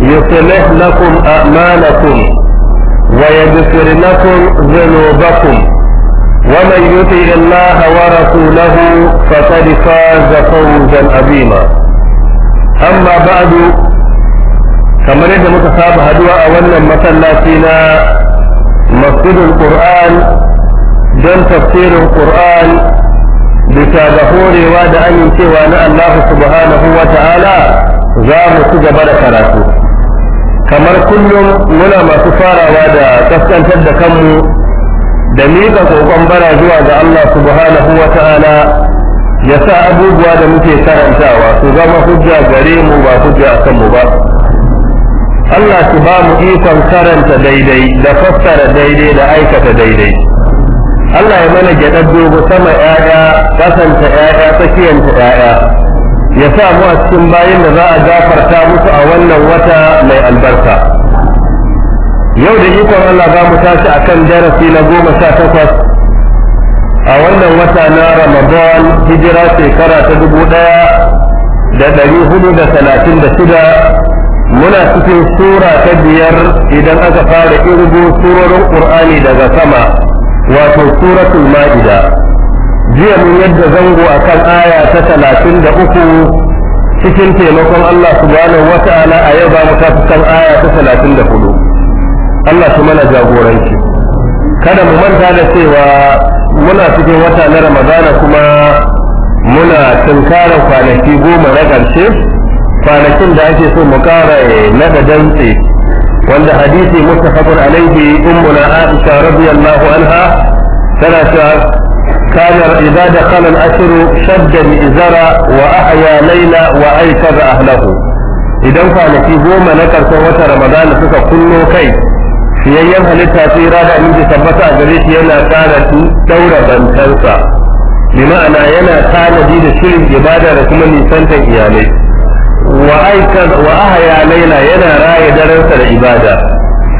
يصلح لكم أعمالكم ويغفر لكم ذنوبكم ومن يطع الله ورسوله فقد فاز فوزا عظيما أما بعد كما يجب متصاب هدوء أولا مثلا فينا مسجد القرآن don tafsirin Qur'an bisa ga horewa da amincewa na Allah subhanahu wa ta'ala za mu ci gaba da karatu. kamar kullum muna masu farawa da kaskantar da kanmu da miƙa kokon bara zuwa ga Allah subhanahu wa ta'ala ya sa abubuwa da muke karantawa su zama hujja gare mu ba hujja a kanmu ba Allah su ba mu ikon karanta daidai da fassara daidai da aikata daidai Allah ya mana gyaɗar dogo sama ‘ya'ya, kasanta ‘ya'ya, tsakiyanta ‘ya'ya. ya sa mu a cikin bayan da za a gafarta musu a wannan wata mai albarka yau da ikon Allah za mu tashi akan darasi na goma sha takwas a wannan wata na Ramadan hijira shekara ta dubu ɗaya da ɗari hudu da talatin da shida muna cikin sura ta biyar idan aka fara irgo surorin ƙur'ani daga sama wato suratul ma'ida jiya mun yadda zango akan aya ta talatin da uku cikin taimakon Allah subhanahu wa ta'ala a yau ba mu tafi kan aya ta talatin da hudu Allah su mana jagoranci kada mu manta da cewa muna cikin wata na ramadana kuma muna tunkarar kwanaki goma na ƙarshe kwanakin da ake so mu ƙara naɗa dantse wanda hadisi mustafakun alaihi ummuna aisha radiyallahu anha tana cewa كان إذا دخل الأشر شد مئزرا وأحيا ليلا وأيقظ أهله idan kwanaki goma na karshen wata ramadana suka kullo kai siyayyen halitta tsira da aminci tabbata a gare shi yana tsara daura bantansa bi ma'ana yana tanadi da shirin ibada da kuma nisantar iyalai wa aika laila yana raya daransa da ibada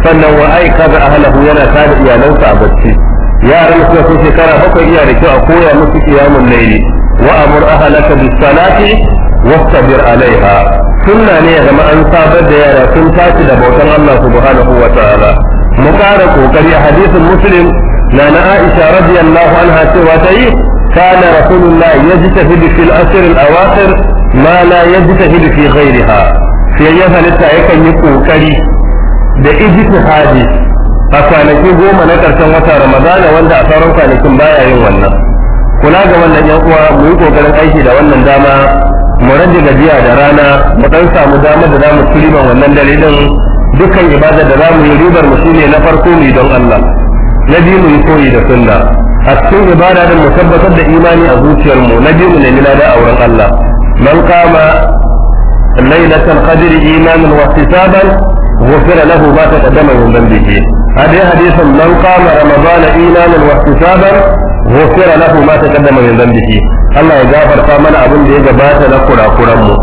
sannan wa aika ahlahu yana tada iyalansa a bacci yaran suna sun shekara bakwai iya da kyau a koya musu kiyamun laili wa amur ahlaka bis salati wastabir alaiha sunna ne ya zama an sabar da yara sun tashi da bautan Allah subhanahu wa ta'ala mu kara kokari a hadisin muslim na na Aisha radiyallahu anha cewa tayi kana rasulullah asirin a asr al awakhir ma la yajtahidu fi ghayriha sai ya halitta yakan yi ƙoƙari da ijtihadi a kwanaki goma na karshen wata ramadana wanda a sauran kwanakin baya yin wannan kula ga wannan yan uwa mu yi kokarin aiki da wannan dama mu rage gajiya da rana mu dan samu dama da zamu riban wannan dalilin dukkan ibada da zamu yi ribar mu shine na farko mu don Allah na biyu mu yi koyi da sunna a cikin ibada din mu tabbatar da imani a zuciyar mu na biyu mu nemi lada a wurin Allah man kama imanin qadri imanan wa ihtisaban غفر له ما تقدم من ذنبه هذه حديث من قام رمضان إيمانا واحتسابا غفر له ما تقدم من ذنبه الله يغفر فمن أبن دي جبات لقرى قرم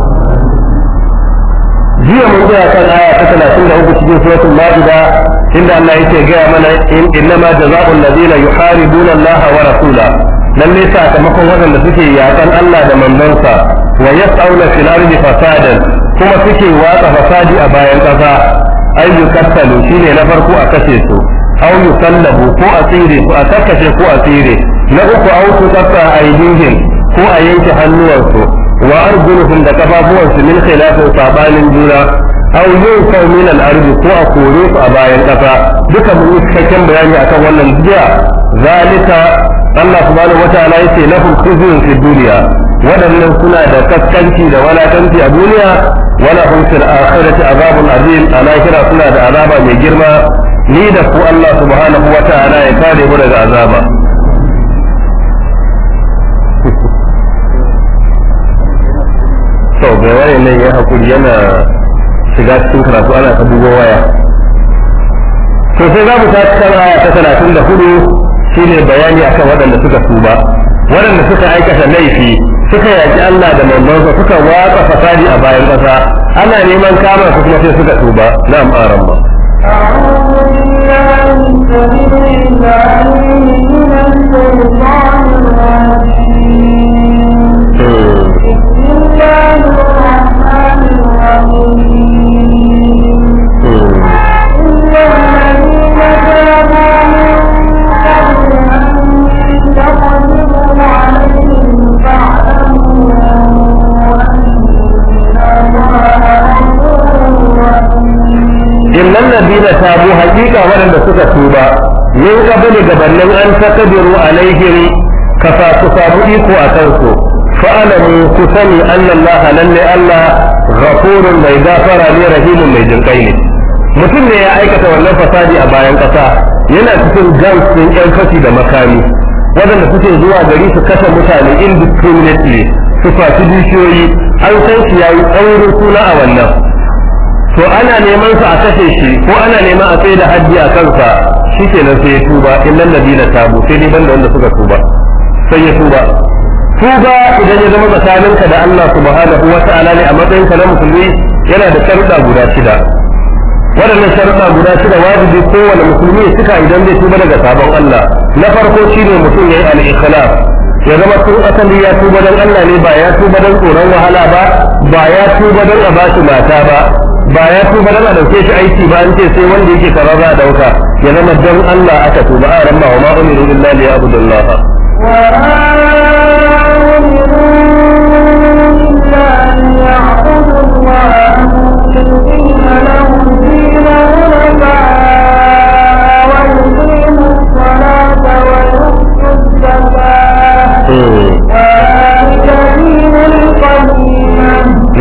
جيا من جاء كان آية تتنا سنة وبسجين سورة المائدة إن الله يتي جاء من إن إنما جزاء الذين يحاربون الله ورسوله لن ليس أتمكن وزن لسكي يأتن الله دمن دنسا ويسعون في الأرض فسادا كما سكي واتا فسادي أبايا كذا ay shi shine na farko a kashe su aw sallabu ko a tsire ko a kakkashe ko a tsire na uku aw a aydihim ko a yanke hannuwarsu wa arjuluhum da kafafuwansu min khilafu sabanin juna aw yunfar min al ko a kore su a bayan kasa duka mun yi cikakken bayani akan wannan jiya zalika Allah subhanahu wataala yace lahum khizyun fid dunya wadannan suna da kaskanci da walakanci a duniya wala hum fil akhirati azabun azim a suna da azaba mai girma ni da ku Allah subhanahu wa ta'ala ya kare mu daga azaba to bai ne ya hakuri yana shiga cikin karatu ana ta bugo waya to sai za ta cikin aya ta talatin da huɗu shine bayani akan waɗanda suka tuba waɗanda suka aikata laifi suka yaki Allah da manzonsa suka watsa fasadi a bayan ƙasa ana neman kama su kuma sai suka tuba na amaran ba بسم الله الرحمن الرحيم innal ladina tabu haqiqa waɗanda suka tuba min qabli gabanin an taqdiru alaihim kafa ku samu iko a kansu fa'anar ku sani annallaha lalle Allah ghafurun mai gafara ne rahimun mai jinkai ne mutum ne ya aikata wannan fasadi a bayan ƙasa yana cikin gangs ɗin yan fashi da makami waɗanda suke zuwa gari su kashe mutane indiscriminately su faci bishiyoyi, an san shi yayi tsaurin suna a wannan to ana neman sa a kashe shi ko ana neman a tsaye da hajji a kansa shi nan sai ya tuba illal na tabu sai ban banda wanda suka tuba sai ya tuba tuba idan ya zama tsakaninka da Allah subhanahu wa ta'ala ne a matsayin ka na musulmi yana da sharuɗa guda shida waɗannan sharuɗa guda shida wajibi kowane musulmi ya cika idan zai tuba daga sabon Allah na farko ne mutum ya yi ikhlas ya zama tun asali ya tuba dan Allah ne ba ya tuba dan tsoron wahala ba ba ya tuba dan a bashi mata ba ba ya tuba na dauke shi aiki ba an ce sai wanda yake kaza za dauka ya zama dan Allah aka tuba a ran ma wa ma umiru illa li ya'budullaha wa umiru illa li ya'budullaha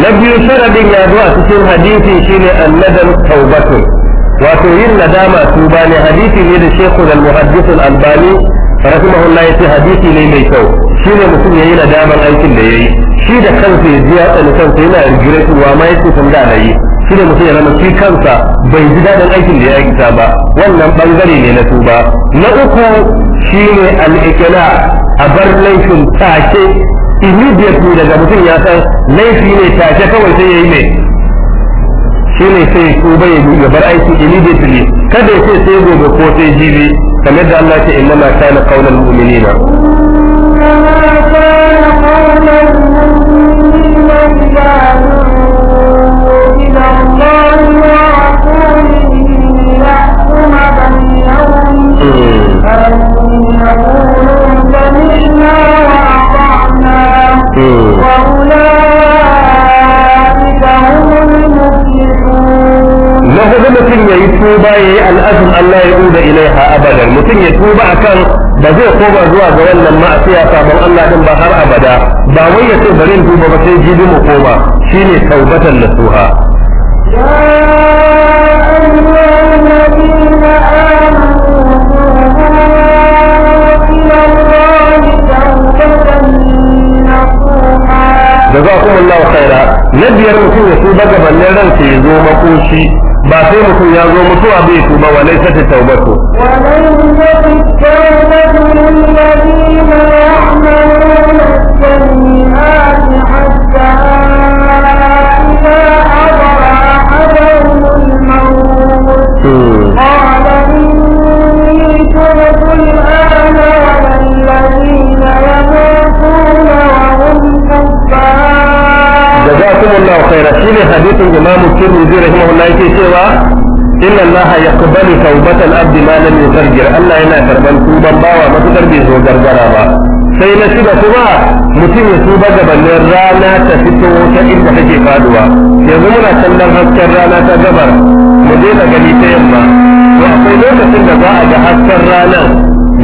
na biyu sharadin ya zo a cikin hadisi shine annadan wato yin nadama tuba ne hadisi ne da shekul al-muhaddis albani rahimahullah yace hadisi ne mai kyau shine mutum yayi nadamar aikin da yayi shi da kansa ya ji ya tsani kansa yana regretin wa ma yake tunda da yi shi da mutum ya zama shi kansa bai ji daɗin aikin da ya aikata ba wannan bangare ne na tuba na uku shine al-iqla a bar laifin take immediately daga mutum ya san laifi ne tashe kawai sai ya yi mai shi ne sai tuba ya bar aiki immediately kada ya sai gobe ko sai jibi kamar da Allah ce inna ma kana qaulal mu'minina Mm. na hudu mutum ya yi tuba ya yi al'azin Allah ya ina ilaiha abadan mutum ya tuba akan ba zai koma zuwa ga wannan ma'asiya sabon Allah din ba har abada ba wai ya ce bari tuba ba sai jibi mu koma shine taubatan nasuha الذين آمنوا إلى الله جزاكم الله خيرا نبيار مسوء سوبا جبن نران في زوم باسي مسوء يا زوم سوء بيتوبا وليس في توبته وليس في يعملون السيئات حتى jazakumullahu khaira shine hadisin imam tirmidhi rahimahullah yake cewa inna allah yaqbalu tawbatal abdi ma lam yusargir allah yana karban tubar bawa matukar bai zo gargara ba sai na shida kuma mutum ya tuba gabanin rana ta fito ta inda take faduwa yanzu muna kallon hasken rana ta gabar mu je gani ta yamma to akwai lokacin da za a ga hasken ranar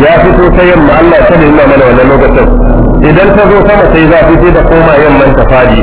ya fito ta yamma Allah ta nuna mana wannan lokacin idan ta zo sama sai za fito da koma yamman ta fadi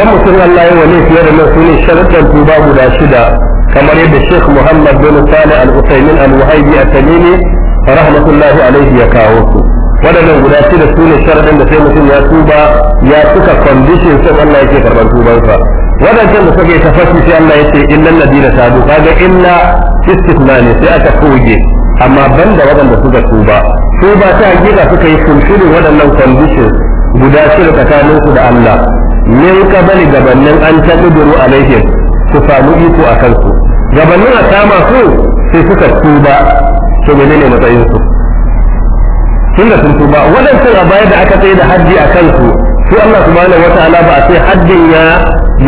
idan mutum Allah ya wani fiye da nan su ne sharuɗan tuba guda shida kamar yadda Sheikh Muhammad bin Salih Al-Utsaimin Al-Wahibi At-Tamimi rahmatullahi alaihi ya kawo su waɗannan guda shida su ne sharuɗan da sai mutum ya tuba ya cika condition sai Allah yake karɓar tubansa waɗancan da suka yi tafashi sai Allah ya ce illal ladina tabu kaga illa ne sai aka koge amma ban banda waɗanda suka tuba tuba ta hakika suka yi fulfilin waɗannan conditions guda shida tsakaninsu da Allah min kabali gabannin an taqdiru a su samu iko a kansu gabannin a kama su sai suka tuba to ne matsayin su tunda sun tuba a baya da aka tsaye da haddi a kansu su Allah subhanahu wataala ba a sai haddin ya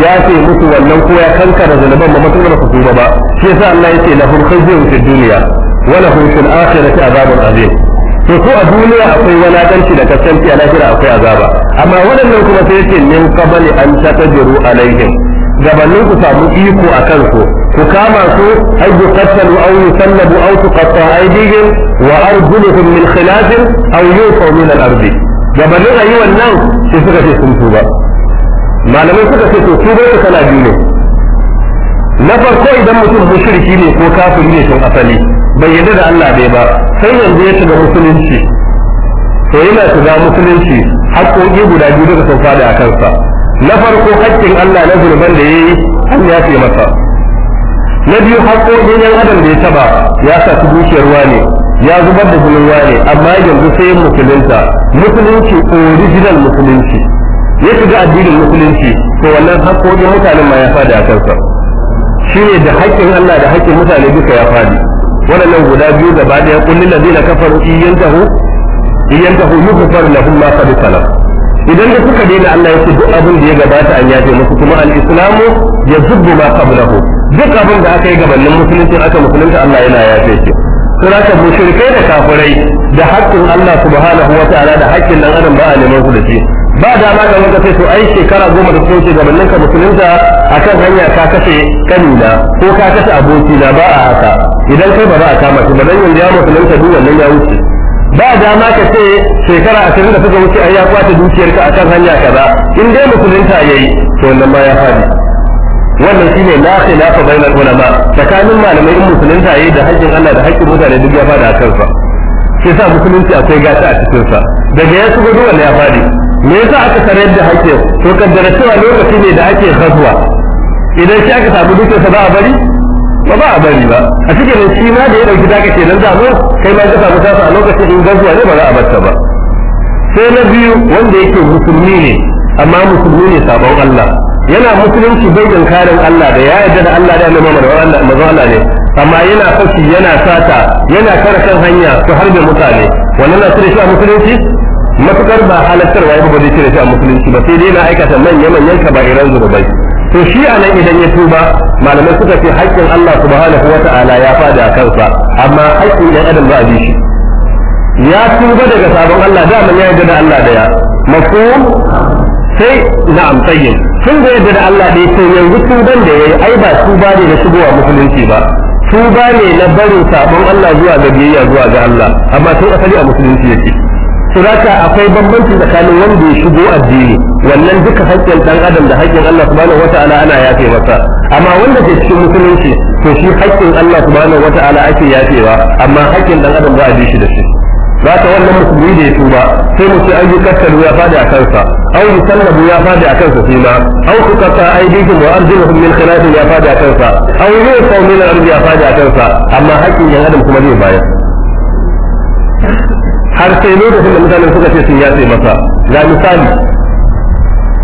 ya ce musu wannan ko ya kankara zanuban ba mutum ba su tuba ba shi yasa Allah ya ce lahum khizyun fid duniya wa lahum fil akhirati azabun azim to ko a duniya akwai walakanci da kasance a lahira akwai azaba amma waɗannan kuma sai yake min qabali an taqdiru alaihim gabanin ku samu iko a kansu ku kama su ay yuqtalu aw yusallabu aw tuqatta aydihim wa arjuluhum min khilaf aw yusaw min al-ardi gabanin ayi wannan sai suka ce sun tuba malamai suka ce to tuba ta kana biyu ne na farko idan mutum mushriki ne ko kafiri ne tun asali bai yarda da Allah bai ba sai yanzu ya shiga musulunci to yana shiga musulunci haƙoƙi guda biyu da sun faɗi a kansa na farko haƙƙin Allah na zulban da ya yi an yafe masa na biyu haƙoƙin yan adam da ya taba ya sa su dukiyar wane ya zubar da jinin wane amma yanzu sai musulunta musulunci original musulunci ya shiga addinin musulunci to wannan haƙƙoƙin mutanen ma ya faɗi a kansa shi da haƙƙin Allah da haƙƙin mutane duka ya faɗi waɗannan guda biyu gaba daya kullin ladina kafaru in yantahu yantahu yukfar lahum ma qad idan da suka daina Allah ya duk abin da ya gabata an yaje musu kuma al ya yazubbu ma qablahu duk abin da aka yi gabanin musulunci aka musulunta Allah yana yafe shi sura mushrikai da kafirai da haƙƙin Allah subhanahu wa ta'ala da hakkin dan adam ba a neman su da shi ba ma ga wanda sai to ai shekara goma da suka wuce gabanin ka musulunta akan hanya ka kashe kanina ko ka kashe abokina ba a haka idan kai ba za a kama shi ba dan yanzu ya ka duk nan ya wuce ba dama ka ce shekara ashirin da suka wuce ai ya kwace a akan hanya kaza in dai musulunta yayi to wannan ma ya fadi wannan shine la khilafa bainal ulama tsakanin malamai in musulunta yayi da haƙƙin Allah da haƙƙin mutane duk ya fada akan sa shi yasa musulunci akwai gata a cikin sa daga ya shiga duk ya fadi me yasa aka sarar da haƙƙin to kaddara cewa lokaci ne da ake khazwa idan shi aka samu sa ba a bari ba ba a bari ba a cikin nan shi ma da ya dauki zaka kenan da mu kai ma ka samu a lokacin in gazuwa ne ba za a barta ba sai na biyu wanda yake musulmi ne amma musulmi ne sabon Allah yana musulunci bai karin Allah da ya yarda da Allah da annabi manzo Allah ne amma yana fashi yana sata yana kare kan hanya su harbe mutane wannan na cire shi a musulunci matukar ba wa ya ba zai cire shi a musulunci ba sai dai na aikata manyan manyan kaba'iran zurubai to shi a nan idan ya tuba malamai suka ce haƙƙin Allah subhanahu wa ta'ala ya fada a kansa amma haƙƙin ɗan adam ba a bi shi ya tuba daga sabon Allah da man ya yarda da Allah daya mafhum sai na amsayin sun da yarda da Allah dai to yanzu tuban da ya yi ai ba tuba ne da shigowa musulunci ba tuba ne na barin sabon Allah zuwa ga biyayya zuwa ga Allah amma tun asali a musulunci yake suraka akwai bambanci tsakanin wanda ya shigo addini wannan duka haƙƙin ɗan adam da haƙƙin Allah subhanahu wata'ala ana yafe masa amma wanda ke cikin musulunci to shi haƙƙin Allah subhanahu wata'ala ake yafewa amma haƙƙin ɗan adam ba a bi shi da shi za ka wannan musulmi da ya tuba sai mu ce an yi kattalu ya fadi a kansa au yi sallabu ya fadi a kansa shi ma au su kasa aidihim wa arjuluhum min khilafin ya fadi a kansa au yi sau min ya fadi a kansa amma haƙƙin ɗan adam kuma zai bayar har sai lokacin da mutanen suka ce sun yatsa masa ga misali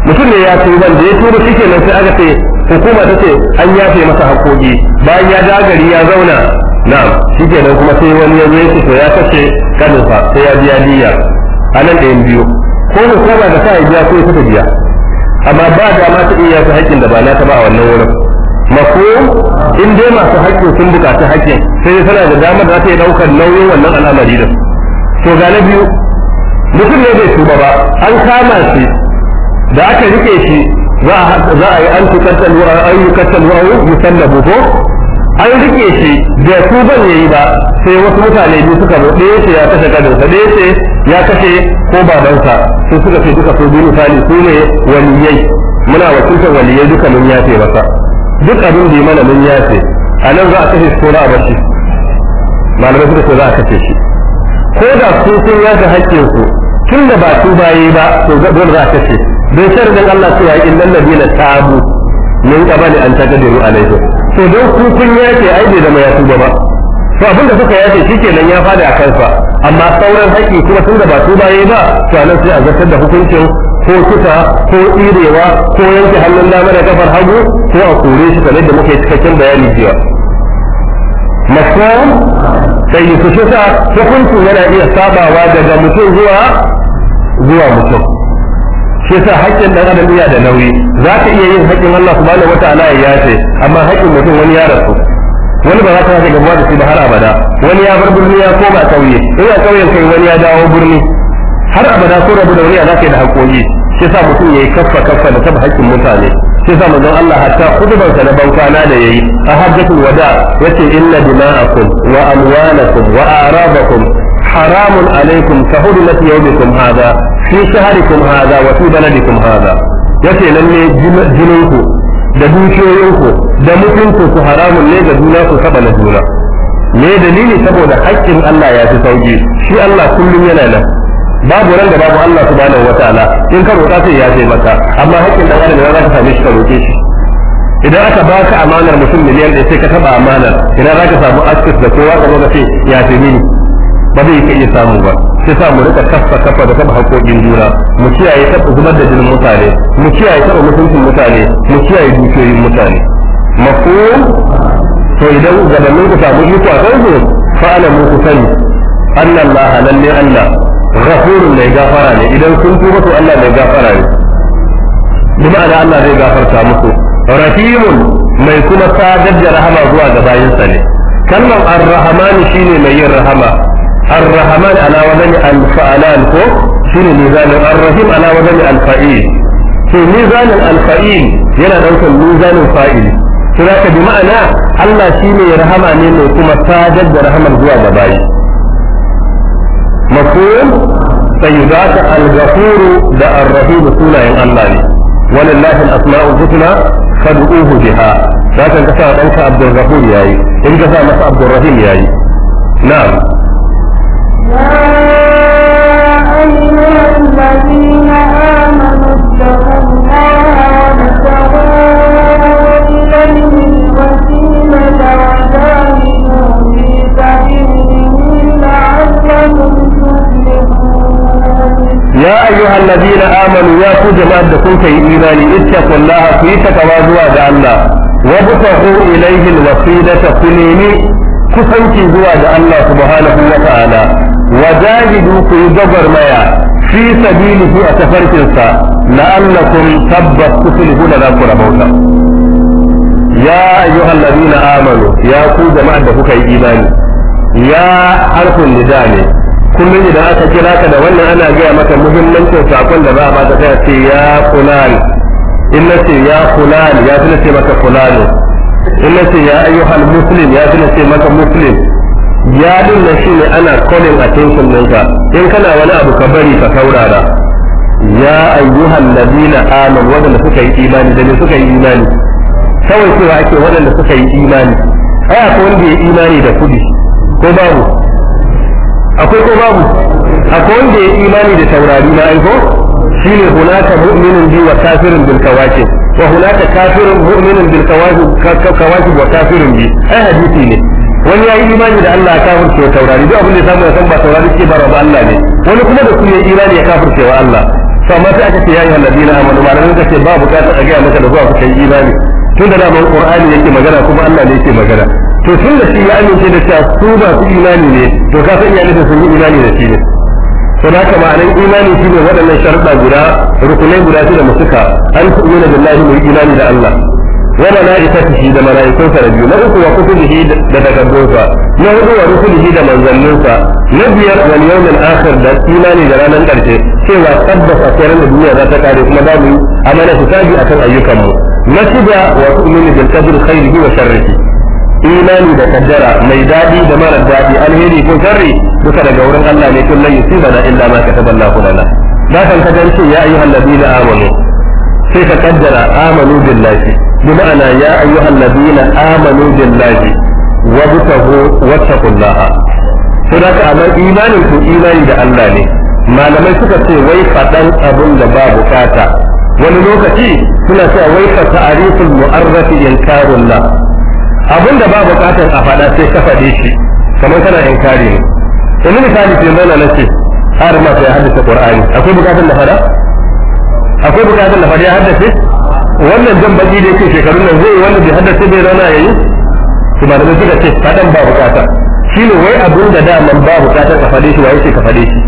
mutum ne ya ce da ya turu shi kenan sai aka ce hukuma ta ce an yafe masa haƙoƙi bayan ya ja gari ya zauna na'am shi kenan kuma sai wani ya zo to ya kashe kaninsa sai ya biya diya a nan ɗayan biyu ko hukuma da sa ya biya ko ta biya amma ba da ma ta iya su haƙƙin da ba na ta ba a wannan wurin mako in dai masu haƙƙin sun buƙaci haƙƙin sai tana da damar da za ta yi ɗaukar nauyin wannan al'amari da su to ga na biyu mutum ne bai tuba ba an kama shi da aka rike shi za a yi an tukattal wa an yukattal wa musallabu ko an rike shi da tuban yi ba sai wasu mutane biyu suka zo ɗaya ce ya kashe gadonsa ɗaya ce ya kashe ko babansa su suka ce duka su biyu misali su ne waliyai muna wakiltar waliyai duka mun yafe masa duk abin da mana mun yafe a nan za a kashe su ko na a malamai suka ce za a kashe shi ko da su sun hakkin su tun da ba su baye ba to dole za ka ce don sharadin Allah cewa illal ladina tabu min qabli an taqdiru alayhi to don ku kun yake ai bai zama ya tuba ba to abin da suka yace shikenan ya fada a kansa amma sauran haƙƙi kuma tun da ba su baye ba to sai a zartar da hukuncin ko kusa ko irewa ko yanke hannun dama da kafar hagu ko a kore shi kamar da muke cikakken bayani jiya mafhum sai yi su hukunci yana iya sabawa daga mutum zuwa zuwa mutum shi sa haƙƙin ɗan adam iya da nauyi za ka iya yin haƙƙin Allah subhanahu wataala ya yace amma haƙƙin mutum wani ya rasu wani ba za ka sake gabuwa da shi ba har abada wani ya bar birni ya koma ƙauye ina ƙauyen kai wani ya dawo birni har abada ko rabu da wani ya za ka yi da haƙoƙi shi sa mutum ya yi kaffa kaffa da taɓa haƙƙin mutane sai sa manzon Allah hatta hudubar sa na da ya yi a hajjatul wada yace inna dima'akum wa amwalakum wa a'radakum haramun alaikum ka hudumati yawmikum hadha fi shahrikum hadha wa fi baladikum hadha yace lalle jininku da dukiyoyinku da mutunku haramun ne ga juna ku na juna me dalili saboda haƙƙin Allah ya fi sauki shi Allah kullum yana nan babu ran da babu Allah subhanahu wataala in ka roƙa sai ya ce maka amma hakkin dan adam idan zaka same shi ka roƙe shi idan aka baka amanar mutum miliyan ɗaya sai ka taɓa amanar idan zaka samu askis da kowa ka zama ce ya ce mini ba zai ka iya samu ba sai sa mu rika kafa kafa da taɓa haƙoƙin juna mu kiyaye taɓa zubar da jinin mutane mu kiyaye taɓa mutuncin mutane mu kiyaye dukiyoyin mutane mafhum to idan gabanin ku samu iko a kanku fa'ala mu ku sani annallaha lalle anna. ghafurun mai gafara ne idan sun tuba to Allah mai gafara ne bi ma'ana Allah zai gafarta musu rahimun mai kuma sadar da rahama zuwa ga bayinsa ne kallon ar-rahman shine mai yin rahama ar-rahman ala wazani al ko shine mizanin ar-rahim ala wazani al-fa'il to mizanin yana daukar mizanin fa'il to zaka bi ma'ana Allah shine rahama ne mai kuma sadar da rahamar zuwa ga bayi mafhum sai za ka al-ghafuru da ar sunayen Allah ne walillahi al-asma'ul husna fad'uhu biha za ka ka sa danka Abdul Ghafur in gasa sa masa Abdul Rahim yayi na'am ya ayyuhal ladina amanu ya ku jama'ar da kun kai imani ittaqullaha ku yi takawa zuwa ga Allah wa butaqu ilayhi alwasilata ku nemi kusanci zuwa ga Allah subhanahu wa ta'ala wa jahidu ku yi gwagwarmaya fi sabilihi a tafarkinsa la'allakum tabbas tuslihu da ku rabauta يا أيها الذين آمنوا يا كو جماعة دفوك إيماني يا حرف النداء kullum idan aka kira ka da wannan ana gaya maka muhimmancin sakon da za a baka sai ce ya fulani in na ce ya fulani ya fi ce maka fulani in na ce ya ayyuhal muslim ya fi ce maka muslim ya din na shi ne ana calling attention ɗinka in kana wani abu ka bari ka saurara ya ayyuhal ladina aman wanda suka yi imani da ne suka yi imani kawai cewa ake wanda suka yi imani ai akwai wanda ya imani da kudi ko babu akwai ko babu akwai wanda ya imani da taurari na aiko shine hunaka mu'minin bi wa kafirin bil kawaki wa hunaka kafirin mu'minin bil kawaki wa kafirin bi ai hadisi ne wani ya yi imani da Allah ya kafirce wa taurari duk abin da samu ya san ba taurari ke bara ba Allah ne wani kuma da kuma ya imani ya kafirce wa Allah to amma sai aka ce ya yi hallabi na amanu malamin ka babu ka ta a gaya maka da zuwa ku kai imani tun da daman qur'ani yake magana kuma Allah ne yake magana to tun da shi ya amince da cewa su ba su imani ne to ka san iyalinsa sun yi imani da shi ne to da ma'anar imani shi ne waɗannan sharuɗa guda rukunai guda shida mu suka an da billahi mu imani da Allah wa malaikatihi da malaikunsa da biyu na uku wa shi da takabbunsa na hudu wa shi da manzanninsa na biyar wal yawmil akhir da imani da ranar karshe cewa tabbata sai da duniya za ta kare kuma za mu yi amana hisabi akan ayyukanmu na shida wa tu'minu bil qadri khairihi wa sharrihi imani da kaddara mai dadi da mara dadi alheri ko sharri duka daga wurin Allah ne kullun yusibana illa ma kataballahu lana da kan ka dace ya ayyuhal ladina amanu sai ka kaddara amanu billahi bi ma'ana ya ayyuhal ladina amanu billahi wa bitahu wattaqullaha sai da amma imanin ku imani da Allah ne malamai suka ce wai fadan abun da ba bukata wani lokaci suna cewa wai fa ta'riful mu'arrafi inkarullah da ba bukatar a faɗa sai ka faɗe shi kamar kana kare ne ni misali sai mana na ce har ma sai haddace qur'ani akwai bukatar na faɗa akwai bukatar na faɗa ya haddace wannan jan baki da yake shekarun nan zai wanda bai haddace bai rana yayi su malamai suka ce faɗan ba bukata shi ne wai abin da daman ba bukatar ka faɗe shi wa sai ka faɗe shi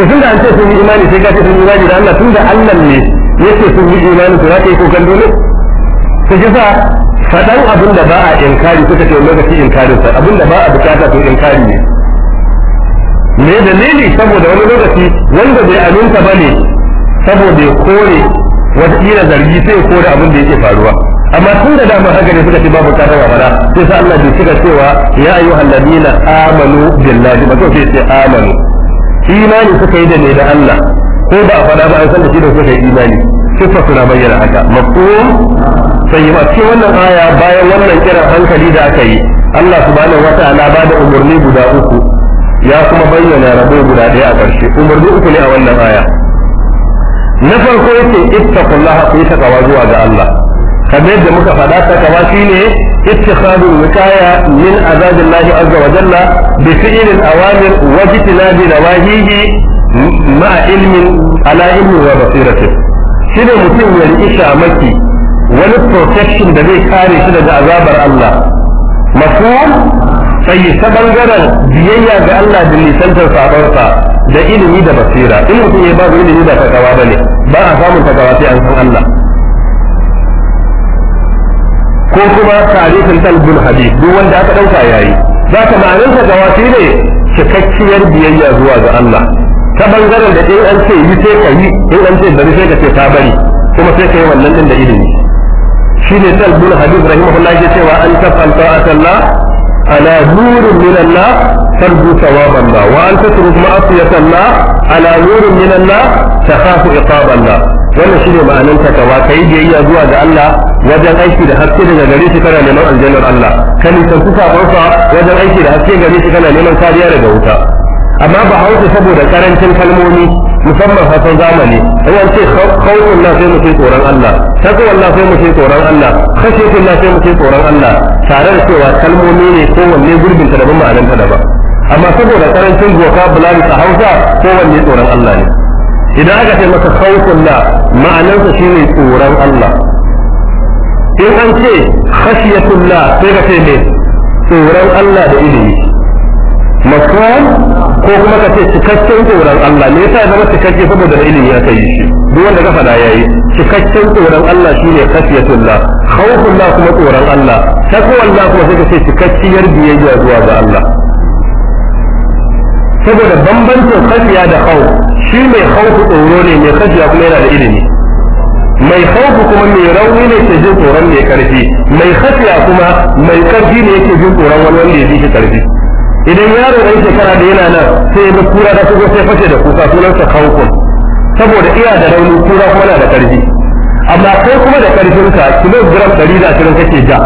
to tun da an ce sun yi imani sai ka ce sun yi imani da Allah tun da Allah ne yake sun yi imani to za ka yi kokan dole to kisa fadan abin da ba a inkari suka ce lokaci inkarin sa abin da ba a bukata to inkari ne me dalili saboda wani lokaci wanda bai aminta bane saboda ya kore wata kila zargi sai ya kore abin da yake faruwa amma tun da dama haka ne suka ce babu kata wa fara sai sa Allah bai cika cewa ya ayu halladina amanu billahi ba to sai ce amanu imani suka yi da ne da Allah ko ba a fada ba an san da shi da suka yi imani sifa suna bayyana haka mafhum sai a wannan aya bayan wannan kiran hankali da aka yi Allah subhanahu wataala ba da umarni guda uku ya kuma bayyana rabo guda ɗaya a ƙarshe umarni uku ne a wannan aya na farko yake ittaqullaha ku yi takawa zuwa ga Allah kamar yadda muka faɗa takawa shine ittikhadul wikaya min azabillahi azza wa jalla bi fi'lil awamir wa jitinabi nawahihi ma'a ilmin ala ilmin wa basiratin shine mutum ya riƙi shamaki wani protection da zai kare shi daga azabar Allah mafhum sai ta bangaren biyayya ga Allah da nisantar sabarsa da ilimi da basira in mutum ya babu ilimi ba takawa bane ba a samun takawa sai an san Allah ko kuma tarihin talbul hadith duk wanda aka dauka yayi za ka ma'anin takawa shi ne cikakkiyar biyayya zuwa ga Allah ta bangaren da in an ce yi sai ka yi in an ce bari sai ka ce ta bari kuma sai ka yi wannan din da ilimi shine sai ibn habib rahimahullah ya cewa an tafal ta'atallah ala nurin min Allah tarju sawaballah wa an tatruk ma'asiyatallah ala nurin min Allah takhafu iqaballah wannan shine ma'anar takawa kai biyayya zuwa ga Allah wajen aiki da haske daga gare shi kana neman aljannar Allah kan san kuka bauta wajen aiki da haske gare shi kana neman kariya daga wuta amma ba hausa saboda karancin kalmomi musamman hasan zamani in an ce khawfun na sai mu ce tsoron Allah takwan na sai mu ce tsoron Allah khashiyatun na sai mu ce tsoron Allah tare da cewa kalmomi ne kowanne gurbinta daban ma'ananta daban amma saboda karancin vocabulary a Hausa kowanne tsoron Allah ne idan aka ce maka khawfun la ma'anansa shine tsoron Allah in an ce khashiyatun la sai ka ce me tsoron Allah da ilimi mafhum ko kuma ka ce cikakken tsoron Allah me yasa zama cikakke saboda ilimi ya kai shi duk wanda ka fada yayi cikakken tsoron Allah shine khafiyatullah na kuma tsoron Allah takwallah kuma sai ka ce cikakkiyar biyayya zuwa ga Allah saboda bambancin ya da khawf shi mai khawfu tsoro ne mai khafiya kuma yana da ilimi mai khawfu kuma mai rauni ne ke jin tsoron mai karfi mai ya kuma mai karfi ne yake jin tsoron wani wanda ya ji shi karfi idan yaro ɗan shekara da yana nan sai ya kura da kuka sai fashe da kuka sa kaukun saboda iya da rauni kura kuma na da ƙarfi amma kai kuma da ƙarfinka kilogram ɗari da ashirin kake ja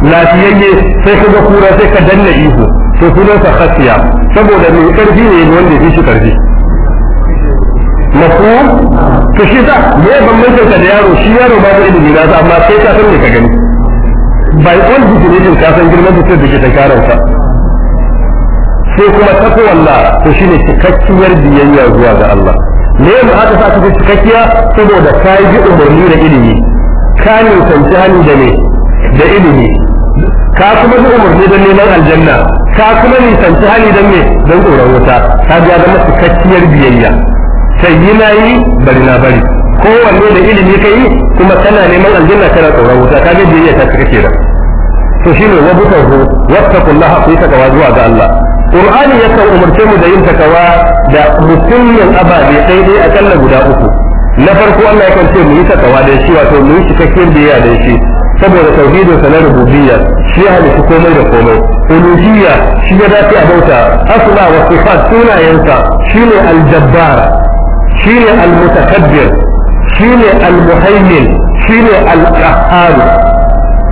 lafiyayye sai ka ga kura sai ka danna ihu to sa khasiya saboda mai ƙarfi ne wanda ya fi shi ƙarfi mafu to shi sa me ya ka da yaro shi yaro ba ilimi na amma sai ka san me ka gani Bai all definition ka kasan girman mutum da ke ta karanta sai kuma taqwallah to shine cikakkiyar biyayya zuwa ga Allah me yasa aka sa ta cikakkiya saboda ka yi bi umarni da ilimi ka ne sanci hannu da me da ilimi ka kuma bi umarni da neman aljanna ka kuma ne nisanci hali da me don tsoron wuta ka ga zama cikakkiyar biyayya sai yi na yi bari na bari kowanne da ilimi ka yi kuma kana neman aljanna kana tsoron wuta ka ga biyayya ta cika kenan to shine wa butahu wattaqullaha fi takawa zuwa ga Allah Qur'ani ya san umarce mu da yin takawa da musulmin ababe sai dai talla guda uku na farko Allah yakan ce mu yi takawa da shi wato mu yi cikakken biyayya da shi saboda tauhidin sa na rububiyya shi ya halitta komai da komai uluhiyya shi ya dace a bauta asma wa sifat sunayensa shine al-jabbar shine al-mutakabbir shine al-muhaymin shine al-qahhar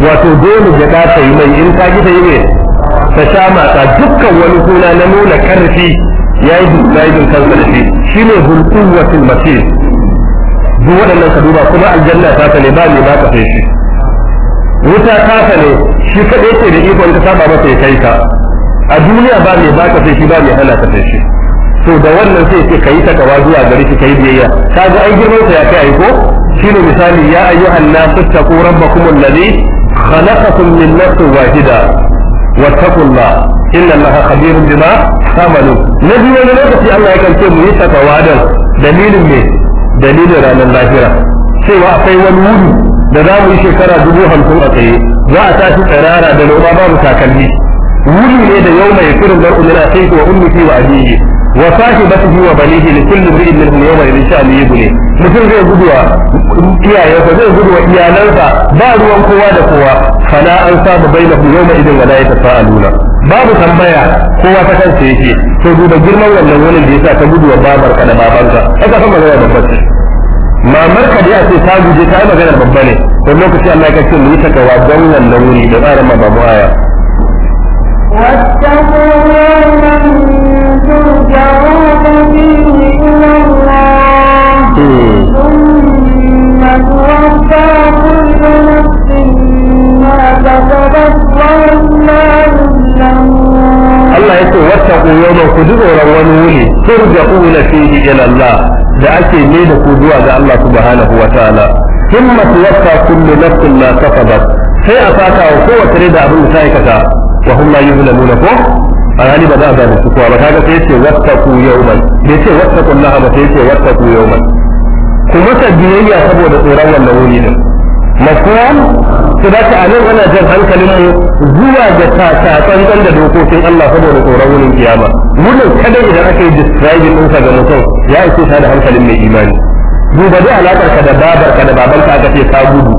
wato dole ya dace mai in ka ji da yi ta sha matsa dukkan wani suna na nuna karfi ya yi dubbayin kansa da shi shi ne hulkuwatul masir duk waɗannan ka duba kuma aljanna ta ta ne ba ne ba ka sai shi wuta ta ta ne shi kaɗai ce da ikon ta saba masa ya kai ka a duniya ba ne ba ka sai shi ba ne hana ka sai shi to da wannan sai ce kai takawa zuwa gari ki kai biyayya kaga ai girman sa ya kai ai ko shine misali ya ayyuhan nasu taqu rabbakum alladhi khalaqakum min nafsin wahida واتقوا الله إن الله خبير بما تعملون نبي wani lokaci Allah ya kance mu yi takawa da dalilin ne dalilin ranar lahira cewa akwai wani wuri da za mu yi shekara dubu hamsin a tsaye za a tashi tsirara da roba babu takalmi wuri ne da yau mai firin bar umina sai wa ummiki wa abiyi wa sahibatihi wa banihi li kulli imrin minhum yawma idhin sha'ani yubni mutum zai guduwa iyaye ba zai gudu wa iyalansa ba ruwan kowa da kowa fala an saba bainahum yawma idin wala yatasaaluna babu tambaya kowa ta kansa yake to duba girman wannan wani da yasa ta gudu wa babar ka da babanka aka san magana da ce mamar ka da ce ta guje ta magana babba ne to lokaci Allah ya kace mu yi takawa don wannan wuri da ma babu aya واتقوا يوما ترجعون فيه الله hmm. توفى كل نفس ما كسبت وهم لا Allah ya ce wata ku yau ku ji tsoron wani wuni turja'una fi ila Allah da ake ne da ku zuwa ga Allah subhanahu wa ta'ala thumma tuwaffa kullu nafsin ma kasabat sai a saka wa kowace rai da abin da ta aikata wa hum la yuzlamuna ko a rani ba za a zalunci kuwa ba kaga sai ce wata ku yau bai ce wata kullaha ba sai ce wata ku yau bai ku masa biyayya saboda tsoron wannan wuri din mafhum su da ta anan ana jan hankalin mu zuwa ga dan da dokokin Allah saboda tsoron wurin kiyama wurin kada idan aka yi din ka ga mutum ya ishe ta da hankalin mai imani duba da alaƙar ka da babar ka da baban ka aka ce ka gudu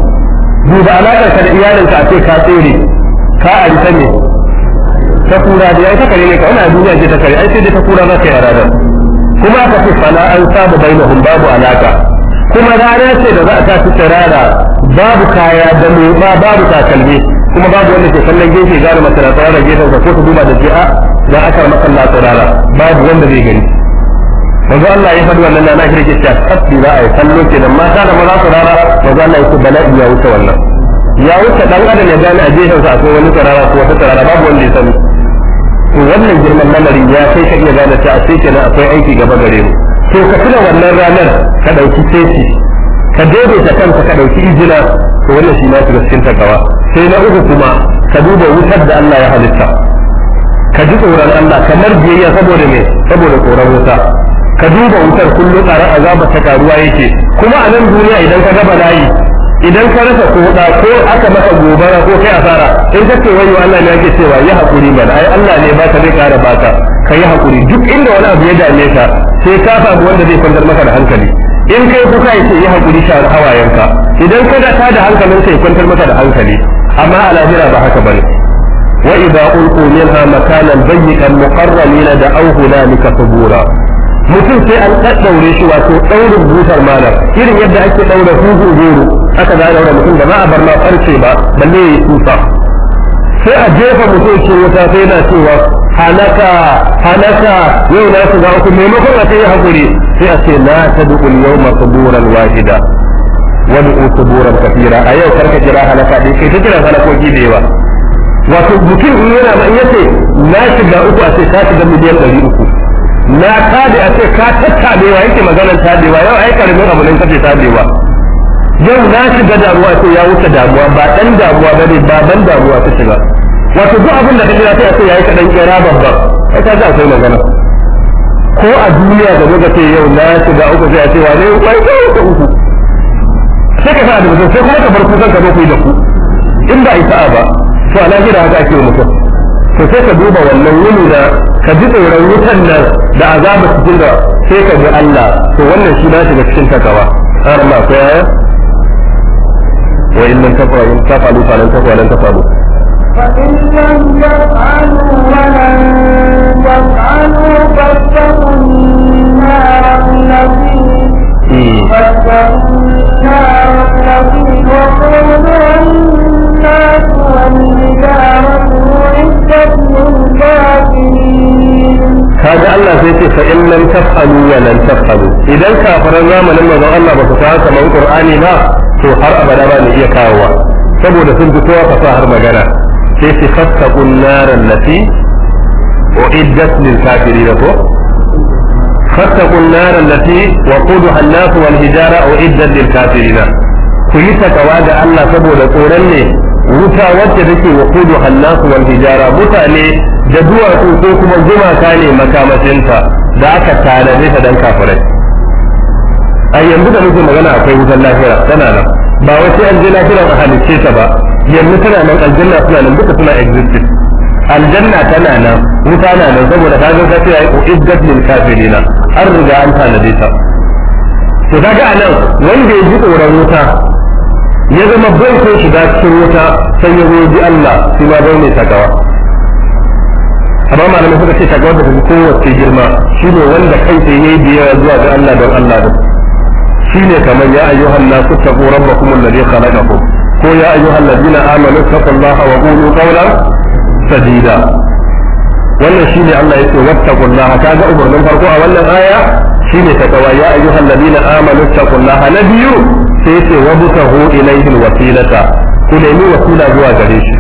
duba alaƙar ka da iyalin ka a ce ka tsere ka arita ne ta kura da ai ta kare ne ka wani duniya ce ta kare ai sai dai ta kura za ka yi a ranar kuma aka ce fala an saba bainahum babu alaƙa kuma rana ce da za a tashi tsirara babu kaya da lura babu takalmi kuma babu wanda ke kallon gefe gane mace na tsirara gefen ko ta duba da ji'a ah, da kar makalla tsirara babu wanda zai gani manzo Allah ya faɗi wannan na shirke ta tabbi za a yi kallo kenan mata da maza tsirara manzo Allah ya ce bala'i ya wuce wannan ya wuce dan adam ya gane a gefen sa akwai wani tsirara ko wata tsirara babu wanda ya sani wannan girman lamarin ya kai ka iya gane ta a sai kenan akwai aiki gaba gare mu to ka tuna wannan ranar ka ɗauki seti ka daidaita kanka ka ɗauki izina to wannan shi ma shiga cikin takawa sai na uku kuma ka duba wutar da Allah ya halitta ka ji tsoron Allah kamar biyayya saboda me saboda tsoron wuta ka duba wutar kullum ƙarar azaba ta karuwa yake kuma a nan duniya idan ka gaba layi idan ka rasa koda ko aka maka gobara ko kai asara in ka ce wayo Allah ne yake cewa ya haƙuri mana ai Allah ne ba ta zai kara baka ka yi hakuri duk inda wani abu ya dame ka sai ka samu wanda zai kwantar maka da hankali in kai kuka yi ce yi hakuri share hawayenka idan ka da ta da hankalin sai kwantar maka da hankali amma a lahira ba haka bane wa idza ulqu minha makanan bayyikan muqarralina da au hunalika subura mutum sai an daddaure shi wato daurin butar malam irin yadda ake daura huhu goro aka za daura mutum da ba a bar ma farce ba balle ya tsufa sai a jefa mutum cikin wuta sai yana cewa halaka halaka yau na shiga uku maimakon a ce yi hakuri sai a ce la tad'ul yawma suburan wahida wani du'u suburan kafira a yau karka jira halaka dai kai ta jira halakoki da yawa wato mutum in yana ba ce na shiga uku a ce ka shiga miliyan ɗari uku na tabi a ce ka tattaɗewa yake maganar tabewa yau ai karamin abu ne kake tabewa yau na shiga damuwa ce ya wuce damuwa ba ɗan damuwa ba ne ba ban damuwa ta shiga wato duk abin da ka jira sai a ce yayi kadan kira babba ai ka ga akwai magana ko a duniya da muka ce yau na shiga uku sai a ce wane wai ko ta uku sai ka sa da mutum sai kuma ka bar kusan ka zo ku yi da ku in ba a yi sa'a ba to a lahira haka ake mutum to sai ka duba wannan wuni da ka ji tsoron wutan nan da azaba cikin da sai ka ji Allah to wannan shi na shiga cikin takawa har ma ko yaya wa in lam tafa'u tafa'u falan tafa'u lan tafa'u فإن لم تفعلوا ولن تفعلوا فاتقوا النار التي فاتقوا النار التي الناس والحجارة أعدت للكافرين kaga Allah sai ce fa in lam taf'alu wa lan taf'alu idan kafiran zamanin manzon Allah ba su kawo kamar Qur'ani ba to har abada ba ne iya kawowa saboda sun fi kowa fasahar magana sai su fattakun naran lati uiddat lil kafirin ko fattakun naran lati wa quduha hannasu nas wal hijara uiddat lil kafirin ku yi takawa da Allah saboda tsoron ne wuta wacce take wa quduha hannasu nas wal hijara mutane da duwatsu ko kuma gumaka ne makamacinta da aka tanade ta dan kafirai a yanzu da muke magana akwai wutar lafiya tana nan ba wasu an je lafiya a halicce ta ba yanzu tana nan aljanna suna nan duka suna existing aljanna tana nan wuta na nan saboda ka ga ta yi iddat lil kafirina an riga an Da ta to kaga anan wanda ya ji tsoron wuta ya zama bai ko shiga cikin wuta sai ya zo ji Allah shi ma bai ne tagawa amma malamin suka ce tagawa da kowace girma shi ne wanda kai sai ya yi biyayya zuwa ga Allah don Allah da shine kamar ya ayyuhan nasu taqu rabbakum alladhi khalaqakum ko ya ayyuhan ladina amanu taqullaha wa qulu qawlan sadida wannan shine Allah yake wattaqullaha kaga umarnin farko a wannan aya shine takawa ya ayyuhan ladina amanu taqullaha na biyu sai yake wabtahu ilayhi alwasilata ku nemi wasila zuwa gare shi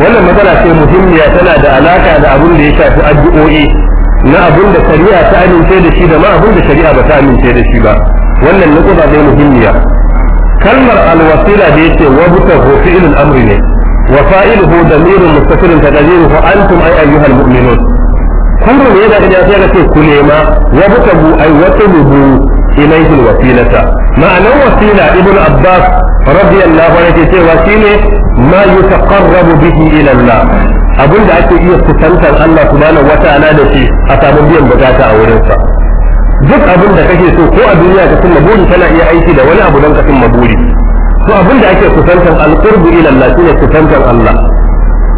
wannan matsala ce muhimmiya tana da alaka da abin da ya shafi addu'o'i na abin da shari'a ta amince da shi da ma abin da shari'a ba ta amince da shi ba wannan nukuda dai muhimmiya kalmar alwasila da yake wabuta hu fi'ilul amri ne wa fa'iluhu damirun mustatirun taqdiruhu antum ay ayyuhal mu'minun kullum yana da sai ka ce ku nema wabuta bu ay watlubu ilayhi alwasilata ma'anar wasila ibn abbas radiyallahu anhu cewa shine ma yutaqarrabu bihi ila Allah abinda ake iya kusantar Allah subhanahu wataala da shi a samu biyan bukata a wurinsa duk abin da kake so ko a duniya ka cimma buri kana iya aiki da wani abu don ka cimma buri to abin da ake kusantar alqurbu ila Allah shine kusantar Allah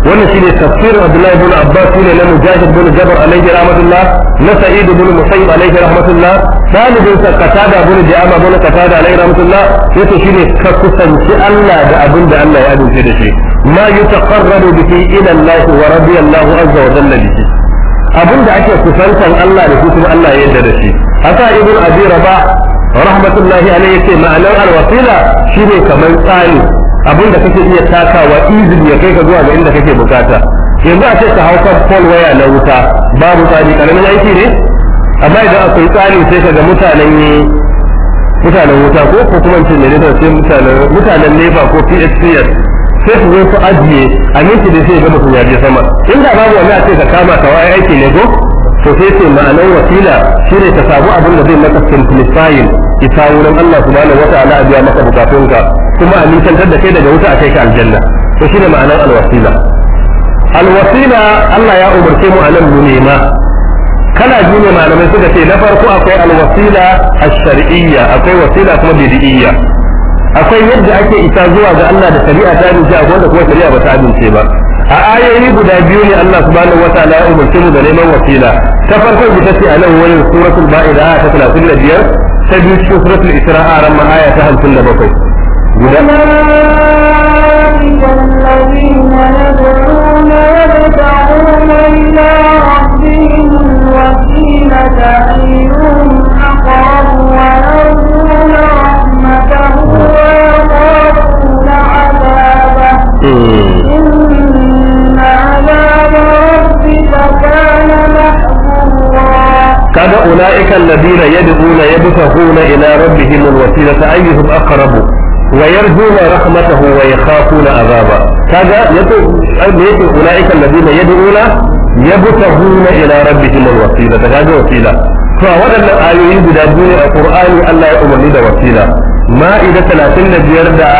wannan shine tafsirin Abdullahi ibn Abbas shine na Mujahid ibn Jabr alayhi rahmatullah na Sa'id ibn Musayyib alayhi rahmatullah dalibin sa Qatada ibn Di'ama ibn Katada alayhi rahmatullah yace shine ka kusanci Allah da abin da Allah ya dace da shi ma yutaqarrabu bihi ila Allah wa radiyallahu azza wa jalla bihi abin da ake kusantar Allah da shi kuma Allah ya yarda da shi haka ibn abi raba rahmatullahi alayhi ce ma'anar alwasila shine kamar tsani abinda kake iya takawa izini ya kai ka zuwa ga inda kake bukata yanzu a ce ka hau kan pole waya na wuta babu tsani karamin aiki ne amma idan akwai tsani sai ka ga mutanen mutanen wuta ko ko kuma ce ne sai mutanen mutanen nefa ko psps sai su zo su ajiye a minti da sai ga mutum ya je sama inda babu wani a ce ka kama ka wa aiki ne ko to sai ce ma'anar wasila shine ta samu abin da zai maka ita isa wurin Allah subhanahu wata'ala a biya maka bukatunka kuma a nisantar da kai daga wuta a kai ka aljanna to ne ma'anar alwasila alwasila Allah ya umarce mu anan mu nema kana ji ne malamai suka ce na farko akwai alwasila ash-shar'iyya akwai wasila kuma bid'iyya akwai yadda ake isa zuwa ga Allah da shari'a ta amince akwai wanda kuma shari'a ba ta amince ba a ayoyi guda biyu ne Allah subhanahu wataala ya umarce mu da neman wasila ta farko ita ce a nan wurin suratul ba'ida aya ta 35 ta biyu cikin suratul isra a ran aya ta 57 guda الذين يدعون إلى ربهم الوسيلة أيهم kaga ulaika alladhina yad'una yabtahuna ila rabbihim alwasilata ayyuhum aqrabu wa yarjuna rahmatahu wa yakhafuna azaba kaga yato me yake ulaika alladhina yad'una yabtahuna ila rabbihim alwasilata kaga wasila to a waɗannan ayoyi guda biyu ne a Qur'ani Allah ya umarni da wasila ma'ida 35 da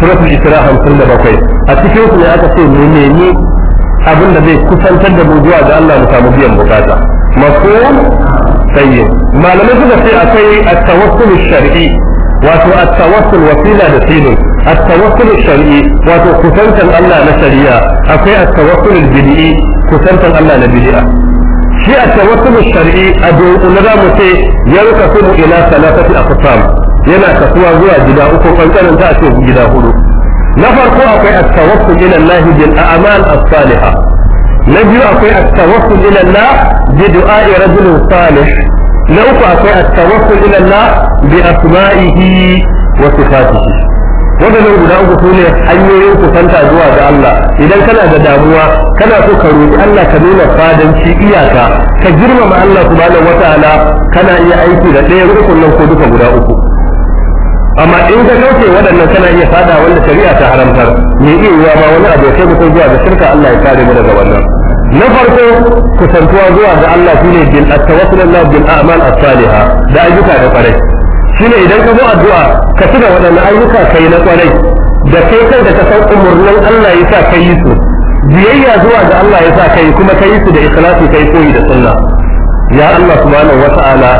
suratul isra 57 a cikin su ne aka ce menene abin da zai kusantar da mu zuwa ga Allah mu samu biyan bukata mafhum tayyib malamai suka ce akwai at-tawassul shar'i wato at-tawassul wasila da filin at-tawassul shar'i wato kusantan Allah na shari'a akwai at-tawassul bid'i kusantan Allah na bid'a shi at-tawassul shar'i a dole za mu ce yarkasumu ila salatati aqsam yana kasuwa zuwa gida uku kankanin ta ce gida hudu na farko akwai at-tawassul ila Allah bil a'mal as-salihah na biyu akwai at-tawassul ila Allah bi du'a'i rajulin salih na uku akwai at ila Allah bi asma'ihi wa sifatihi wadannan guda uku su hanyoyin kusanta zuwa ga Allah idan kana da damuwa kana so ka roƙi Allah ka nuna fadanci iyaka ka girmama Allah subhanahu wataala kana iya aiki da ɗaya uku nan ko duka guda uku amma in ka kauce waɗannan kana iya fada wanda shari'a ta haramtar me iya yiwa ma wani abu ya kai mutum zuwa da shirka Allah ya kare mu daga wannan na farko kusantuwa zuwa ga Allah shine bil at-tawassul Allah bil a'mal as-salihah da ayyuka da kwarai shine idan ka zo addu'a ka tuna waɗannan ayyuka kai na kwarai da kai kai da ka san umurnin Allah yasa kai yi su biyayya zuwa ga Allah yasa kai kuma kai su da ikhlasi kai koyi da sunna ya Allah subhanahu wata'ala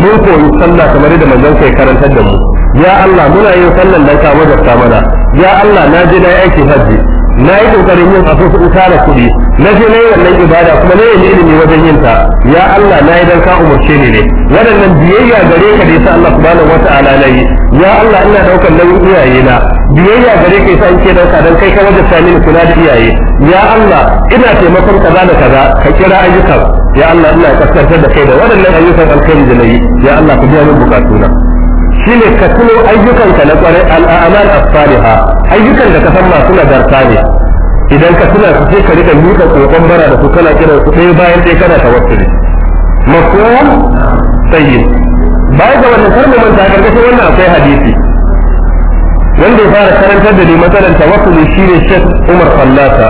mun koyi sallah kamar da manzon kai karantar da mu ya Allah muna yin sallan da ka wajabta mana ya Allah na je na aiki hajji na yi kokarin yin abu su tara kuɗi na je na yi wannan ibada kuma na yi ilimi wajen yin ta ya Allah na yi dan ka umarce ni ne waɗannan biyayya gare ka da yasa Allah subhanahu wata'ala na yi ya Allah ina daukar nauyin iyaye na biyayya gare ka yasa ke dauka dan kai ka wajabta mini kula da iyaye ya Allah ina taimakon kaza da kaza ka kira ayyukan ya Allah ina kaskantar da kai da waɗannan ayyukan alkhairi da na yi ya Allah ku biya min bukatuna shine ka tuno ayyukanka na kwarai al'amal as-salihah ayyukan da ka san masu nagarta ne idan ka tuna su sai ka rika miƙa kokon bara da su kana kiran su ɗaya bayan ɗaya kana tawassuli mafhum tayyib bayan ga wannan kar mu manta karkashin wannan akwai hadisi wanda ya fara karantar da ni matsalar tawassuli shine Sheikh Umar Fallata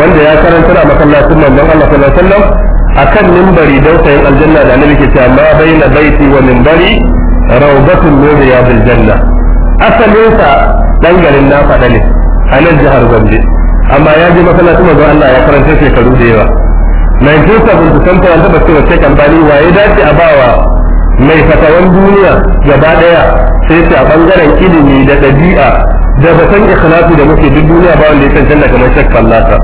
wanda ya karantar a masallacin don Allah sallallahu alaihi wasallam akan mimbari don sayan aljanna da annabi ke cewa ma baina baiti wa mimbari rawdatun min riyadil janna asalinsa dan garin na faɗa ne a nan jihar Gombe amma ya je masallacin manzon Allah ya karanta shekaru da yawa 1970 an taɓa cewa Sheikh Albani waye dace a bawa mai fatawan duniya gaba daya sai ce a bangaren ilimi da ɗabi'a da batan ikhlasi da muke duk duniya ba wanda ya cancanta kamar Allah ta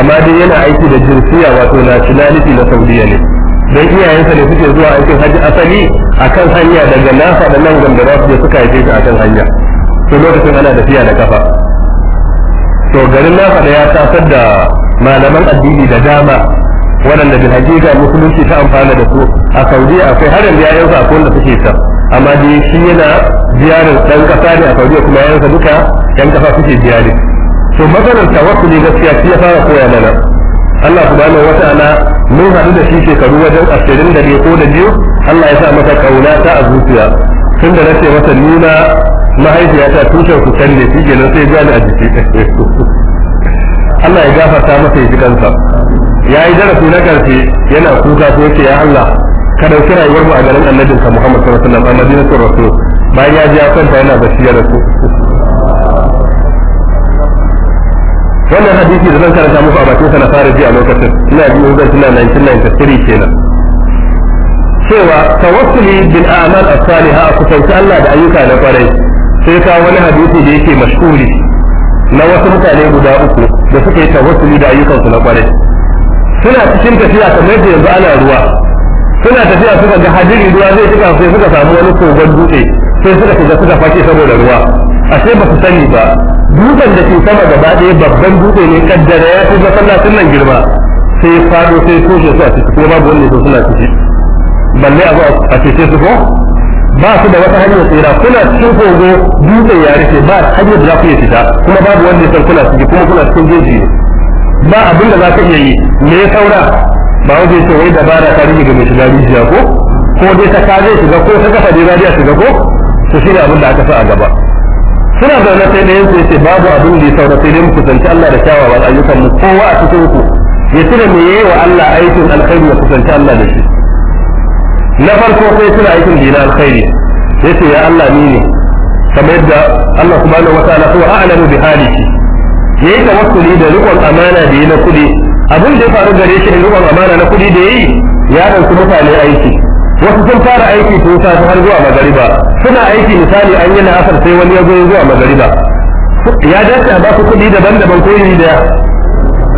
amma dai yana aiki da jinsiya wato nationality na Saudiya ne dan iyayensa ne suke zuwa aikin haji asali akan hanya daga nafa da nan gandara su je suka haife shi akan hanya to lokacin ana tafiya da kafa to garin nafa da ya tasar da malaman addini da dama waɗanda bin hakika musulunci ta amfana da su a saudiya akwai har yanzu yayin sa akwai suke ta amma dai shi yana ziyarar dan kasa ne a saudiya kuma yayin sa duka yan kasa suke ziyarar to matsalar tawassuli gaskiya shi ya fara koya mana Allah subhanahu wataala mun haɗu da shi shekaru wajen ashirin da ko da biyu Allah ya sa masa kauna ta a zuciya tun da nace masa nuna mahaifiyata tushen ku canne shi kenan sai gane a jiki Allah ya gafarta masa ya ji kansa ya yi darasi na karfe yana kuka ko ke ya Allah ka dauki rayuwar mu a garin annabinka Muhammad sallallahu alaihi wasallam annabi na rasul bayan ya ji ya kanta yana bacci ya rasu wannan hadisi da zan karanta muku a bakin sa na fara ji a lokacin ina ji mun zan tuna 1993 kenan cewa tawassuli bil a'mal as-salihah a kusanci Allah da ayyuka na kwarai sai ka wani hadisi da yake mashhuri na wasu mutane guda uku da suka yi tawassuli da ayyukansu na kwarai suna cikin tafiya kamar da yanzu ana ruwa suna tafiya suka ga hadiri ruwa zai tuka sai suka samu wani kogon dutse sai suka shiga suka fake saboda ruwa ashe ba su sani ba dutsen da ke sama gaba ɗaya babban dutse ne kaddara ya fi masallacin nan girma sai ya faɗo sai toshe su a ciki kuma babu wanda ya suna ciki balle a zo a cece su ko ba su da wata hanyar tsira kuna cikin kogo dutse ya rike ba hanyar da za ku iya fita kuma babu wanda ya san kuna ciki kuma kuna cikin jeji ba abin da za ka iya yi me ya saura ba wajen ce wai dabara ta rike ga mai shiga rijiya ko ko dai ta kare shiga ko ta kafa dai za shiga ko to shi ne abin da aka sa a gaba suna zaune sai da yanzu yace babu abin da ya saura sai dai mu kusanci Allah da kyawawan ayyukan mu kowa a cikin ku ya tuna me yayi wa Allah aikin alkhairi ya kusanci Allah da shi na farko sai suna aikin dina alkhairi yace ya Allah ni ne kamar yadda Allah subhanahu wataala huwa a'lamu bi haliki yayi tawassuli da rikon amana da yi na kudi abin da ya faru gare shi rikon amana na kudi da yayi ya dauki mutane aiki wasu sun fara aiki tun su har zuwa magariba suna aiki misali an yi na'asar sai wani ya zo zuwa magariba ya dace a ba su kuɗi daban-daban ko yi da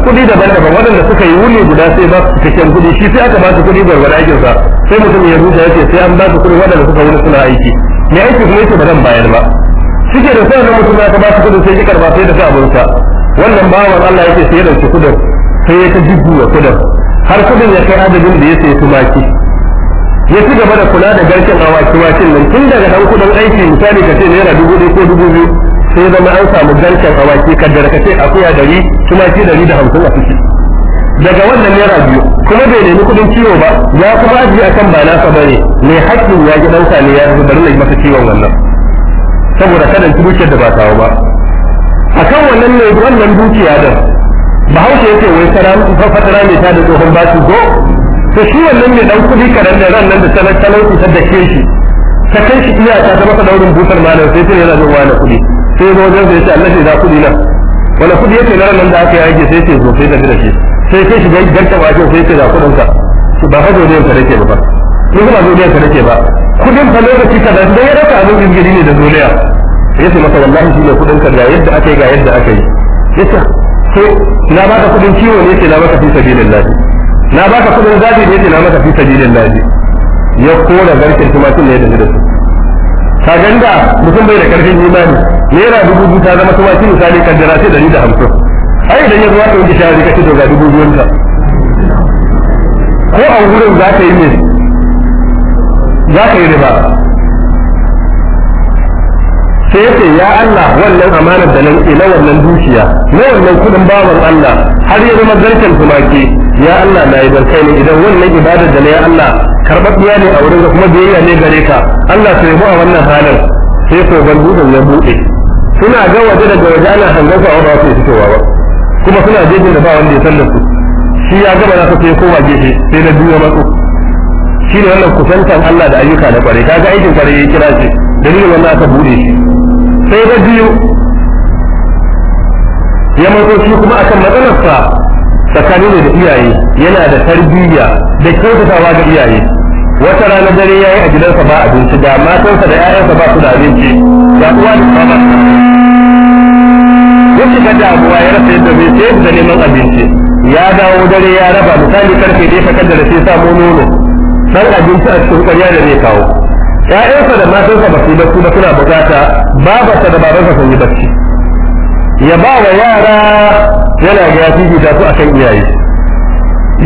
kuɗi daban-daban waɗanda suka yi wuni guda sai ba su cikin kuɗi shi sai aka ba su kuɗi gwargwada aikinsa sai mutum ya rubuta ya ce sai an ba su kuɗi waɗanda suka wuni suna aiki mai aiki kuma yake ba zan bayar ba suke da sai mutum ya ka ba su kuɗi sai ya karba sai da sa abunsa wannan bawan Allah yake sai ya ɗauki kuɗin sai ya ta jibbu wa kuɗin har kuɗin ya kai adadin da ya sai tumaki ya ci gaba da kula da garken awaki wakin nan tun daga dan kudin aiki misali ka ce naira dubu ɗaya ko dubu biyu sai zama an samu garken awaki kaddar ka ce akuya dari tumaki dari da hamsin a ciki daga wannan naira biyu kuma bai nemi kudin ciwo ba ya kuma ajiye akan ba sa bane ne hakkin ya ji ɗansa ne ya bari na masa ciwon wannan saboda kadan ci dukiyar da ba tawo ba a kan wannan ne wannan dukiya da bahaushe yake wai fatara ne ta da tsohon su zo. to shi wannan mai dan kudi karan da ran nan da talauci ta ke shi ta kai shi iya ta masa daurin busar da sai sai yana zuwa na kudi sai zo wajen sai ce Allah sai da kudi nan wala kudi yake na nan da aka yi aiki sai ce zo sai da gida shi sai kai shi ganta wajen sai ce da kudin ka ba fa zo ne ka dake ba ni ba zo ne ka dake ba kudin fa lokaci ka da ya raka abin gidi ne da zuriya yace maka wallahi shi ne kudin ka da yadda aka yi ga yadda aka yi yace sai na ka kudin ciwo ne yace na ka fi sabilillah na baka kudin zabi da yake na maka fi sabilin lahi ya kora garkin tumatin ne da da su ka ganda mutum bai da karfin imani naira dubu biyu ta zama tumaki misali kaddara sai dari da hamsin ai idan ya zuwa ka yanke shawari ka ce to ga dubu biyun ta ko a wurin za ka yi ne za ka yi riba sai yake ya Allah wannan amanar da nan ina wannan dukiya na wannan kudin bawan Allah har ya zama garken tumaki ya Allah na yi barkai ne idan wannan ibadar da na ya Allah karɓaɓɓiya ne a wurin kuma biyayya ne gare ka Allah sai mu a wannan halin sai ko ban dutsen ya buɗe suna ga waje daga waje ana hangar a ba fitowa ba kuma suna jejin da ba wanda ya sallar su shi ya gaba za su sai kowa gefe sai na biyu matsu shi ne wannan kusantan Allah da ayyuka da kwarai kaga aikin kwarai ya kira shi dalilin wannan aka buɗe shi sai na biyu ya mato shi kuma akan matsalarsa tsakanin da iyaye yana da tarbiyya da kyautatawa ga iyaye wata rana dare ya yi a gidansa ba abinci da matansa da 'ya'yansa ba su da abinci ga uwa da ba ya shiga damuwa ya rasa yadda zai sayar da neman abinci ya dawo dare ya raba misali karfe da ya da sai samu nono dan abinci a cikin karya da zai kawo yayansa da matansa ba su yi bacci ba suna bukata babarsa da babansa sun yi bacci ya ba wa yara yana ga ya fifita su kan iyaye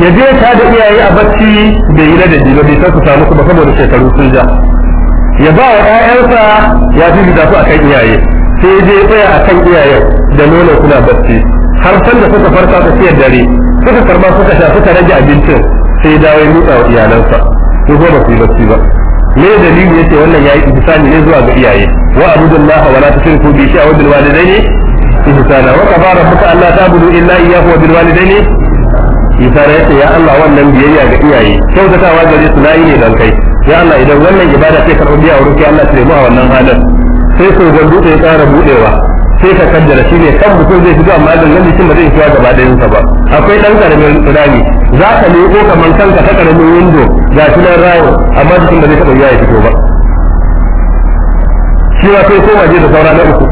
ya je ta da iyaye a bacci bai yi ladabi ba bai san samu su ba saboda shekaru sun ja ya ba wa ɗayansa ya fifita su kan iyaye sai je tsaya kan iyaye da nono suna bacci har san da suka farka tsakiyar dare suka karba suka sha suka rage abincin sai dawo ya nutsa wa iyalansa su zo ba su yi bacci ba me dalili ce wannan yayi ihsani ne zuwa ga iyaye wa abudullahi wa la tushriku bi shay'in wa walidaini ihsana wa qadara Allah ta budu illa iyyahu wa bil walidayni isara yace ya Allah wannan biyayya ga iyaye kyautatawa gare su nayi ne dan kai ya Allah idan wannan ibada ce karɓar biya wurin kai Allah tare mu a wannan halin sai so zan ya ƙara budewa sai ka kaddara shine kan mutum zai fito amma dan nan mutum ba zai fito gaba ɗayan sa ba akwai dan karamin rami za ka leko kaman kanka ta karamin windo ga shi nan rawo amma mutum ba zai taɓa ya fito ba shi wa sai koma je da saura na uku